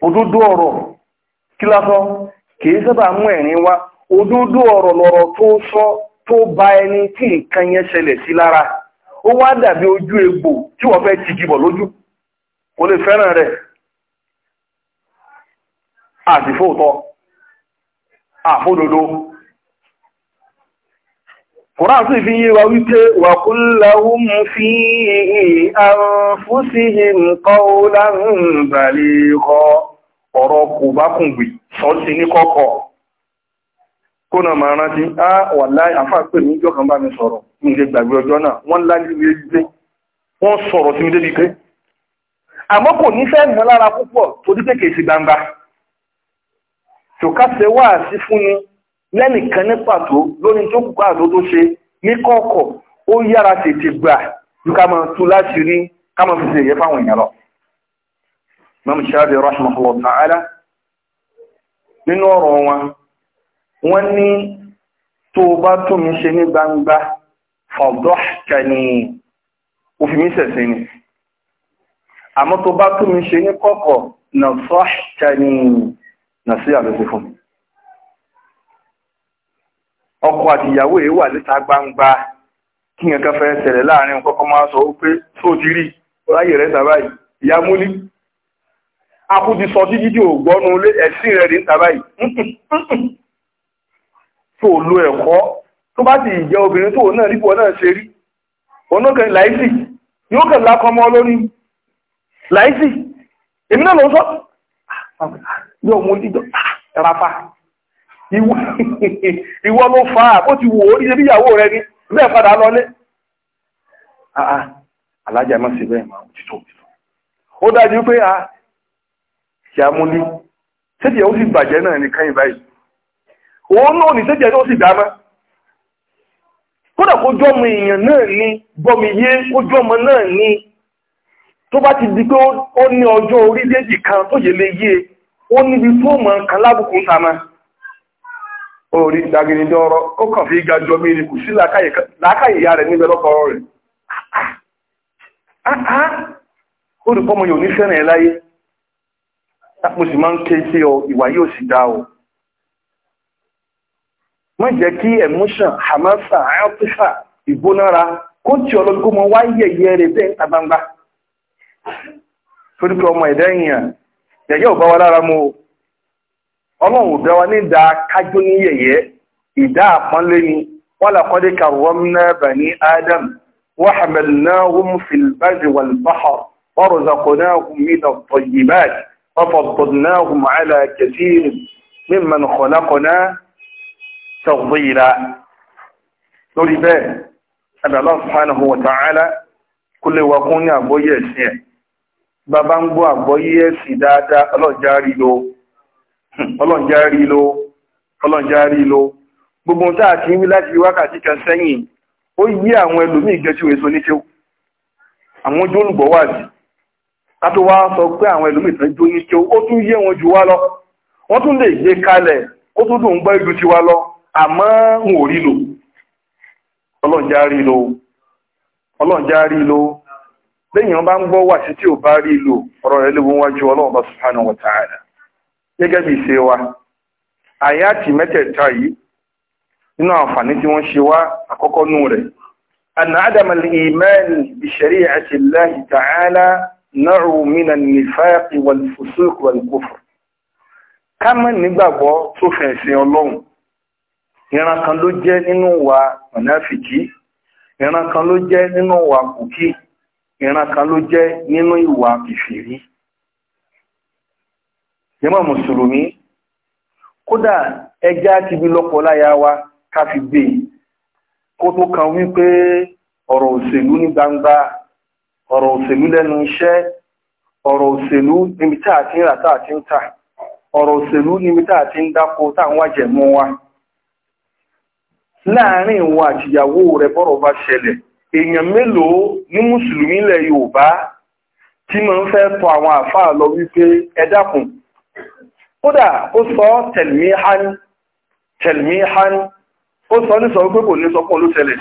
òdodo ọ̀rọ̀ kí lásán kì í sábà mú ẹ̀rín wá òdodo ọ̀rọ̀ lọ̀rọ̀ tó sọ tó ba ẹni tí nǹkan yẹn ṣẹlẹ̀ sí lára ó wá dàbí ojú egbò tí wọ́n fẹ́ ti jìbọ̀ lójú kò lè fẹ́ràn rẹ̀ àtìfóòtọ́ àfódodo Kùrán sì fi yíwa wípé wà kúláhùn fi àǹfúsíhìn qawlan baligha. ọ̀rọ̀ kò bá kùn gbì sọ́ọ̀tì ní kọ́kọ́ kó náà máa rántí á wà láì àfáà pè ní ìjọ kan bá mi sọ̀rọ̀ ní ilé gbàgbé ọjọ́ náà wọ́n láyé ilé ilé wọ́n sọ̀rọ̀ sí mi débi pé àmọ́ kò ní fẹ́ mọ́ lára púpọ̀ torí pé kèsì gbangba ṣòkàṣe wà sí fúnni lẹ́nìkan ní pàtó lórí tó kù káàdó tó ṣe ní kọ́kọ́ ó yára tètè gbà ju ká máa tú láṣìírí ká máa fi ṣe ìyẹ́ fáwọn èèyàn lọ. Imam Shafi rahimahullah ta'ala nínú ọ̀rọ̀ wọn wọ́n ní tó bá tó mi ṣe ní gbangba fọ̀dọ́ṣkà ni òfin mi sẹ̀sẹ̀ ni àmọ́ tó bá tó mi ṣe ní kọ́kọ̀ na sọ́ṣkà ni na sí àlọ́sí fún ọkọ àti ìyàwó èé wà níta gbangba kí nǹkan fẹ́ ṣẹlẹ̀ láàrin kọ́kọ́ máa sọ wípé tó ti rí rẹ̀ tàbáyì ìyá akúdisọ títí tí ò gbọ́nu lé ẹ̀sìn rẹ̀ rí tàbá yìí tó lo ẹ̀kọ́ tó bá ti jẹ́ obìnrin tó náà rí bọ́ náà ṣe rí onákan láìsí yóò kàn lákọmọ lórí láìsí èmi náà lọ sọ yóò mú ìjọ rafa ìwọ ló fa àbó ti wò orí ṣebí ìyàwó rẹ ni bẹ́ẹ̀ padà lọlé ah, ah, alájà má sí bẹ́ẹ̀ máa ń títò ó dájú pé a ah, kí a mú ní sédìẹ ó sì bàjẹ́ náà ní káyìn báyìí òun náà ní sédìẹ tó sì dáná kódà kó jọmọ èèyàn náà ní gbọmọ iye kó jọmọ náà ni tó bá ti di pé ó ní ọjọ́ orílẹ̀ déjì kan tó yẹ lè yé ó níbi kan lábùkún orí ó kàn fi ga sí ìyá rẹ̀ níbẹ̀ mo sì máa ń ké sí ọ ìwà yóò sì dá o má jẹ́ kí emotion hamasa altifa ìgbónára kó tí ọlọ́dún kó mọ wá yẹ̀yẹ́ rẹ̀ bẹ́ẹ̀ ta gbangba torí pé ọmọ ẹ̀dá èèyàn yẹ̀yẹ́ ò bá wa lára mu ọlọ́run ò bá wa ní ìdá kájú ní yẹ̀yẹ́ ìdá àpọ́nlé ni wọ́n làkọ́dé karramna bani adam wa hamalnahum fil barri wal bahr wa razaqnahum min at-tayyibat وفضلناهم على كثير ممن خلقنا تفضيلا lórí bẹ́ẹ̀ Allah subhanahu wa ta'ala kó lè wà kún ní àgbọ́yé ẹ̀sìn ẹ̀ bàbá ń gbọ́ àgbọ́yé ẹ̀sìn dáadáa ọlọ́járí ló ọlọ́járí ló ọlọ́járí ló gbogbo táà ti wí láti wákàtí kan sẹ́yìn ó yí àwọn ẹlòmíì gẹ́jú èso níṣẹ́ àwọn ojú olùgbọ́wàdì kátó wá sọ pé àwọn ẹlòmíì tán jó ní ó tún yé wọn jù wá lọ wọ́n tún lè yé kalẹ̀ ó tún dùn gbọ́ ìlú tiwa lọ àmọ́ ń ò rí lò ọlọ́njá rí lò ọlọ́njá rí lò lẹ́yìn bá ń gbọ́ wà sí tí ò bá rí lò ọ̀rọ̀ léwu wájú ọlọ́run wa gẹ́gẹ́ bí wa mẹ́tẹ̀ẹ̀ta yìí nínú àǹfààní tí wọ́n ṣe wá àkọ́kọ́ nù rẹ̀ náà mina na wà fùsùkù wà kúfù tó fẹ̀sìn ọlọ́run ìran kan ló jẹ́ nínú wa mọ̀náfìkì ìran kan ló nínú wa kùkì ìran kan ló jẹ́ nínú ìwà kìfìrí mùsùlùmí kódà ẹjá ti bí láyá wa ká fi gbé kó tó kan ọ̀rọ̀ òṣèlú lẹ́nu iṣẹ́ ọ̀rọ̀ òṣèlú níbi tá ti ń rà tá ń tà ọ̀rọ̀ òṣèlú níbi ti ń mú wa láàárín ìwọ àtìyàwó rẹ bọ́rọ̀ bá ṣẹlẹ̀ èèyàn mélòó ní mùsùlùmí ilẹ̀ Yorùbá tí mo ń fẹ́ tọ àwọn àfáà lọ wípé ẹ dákun kódà ó sọ ó sọ ní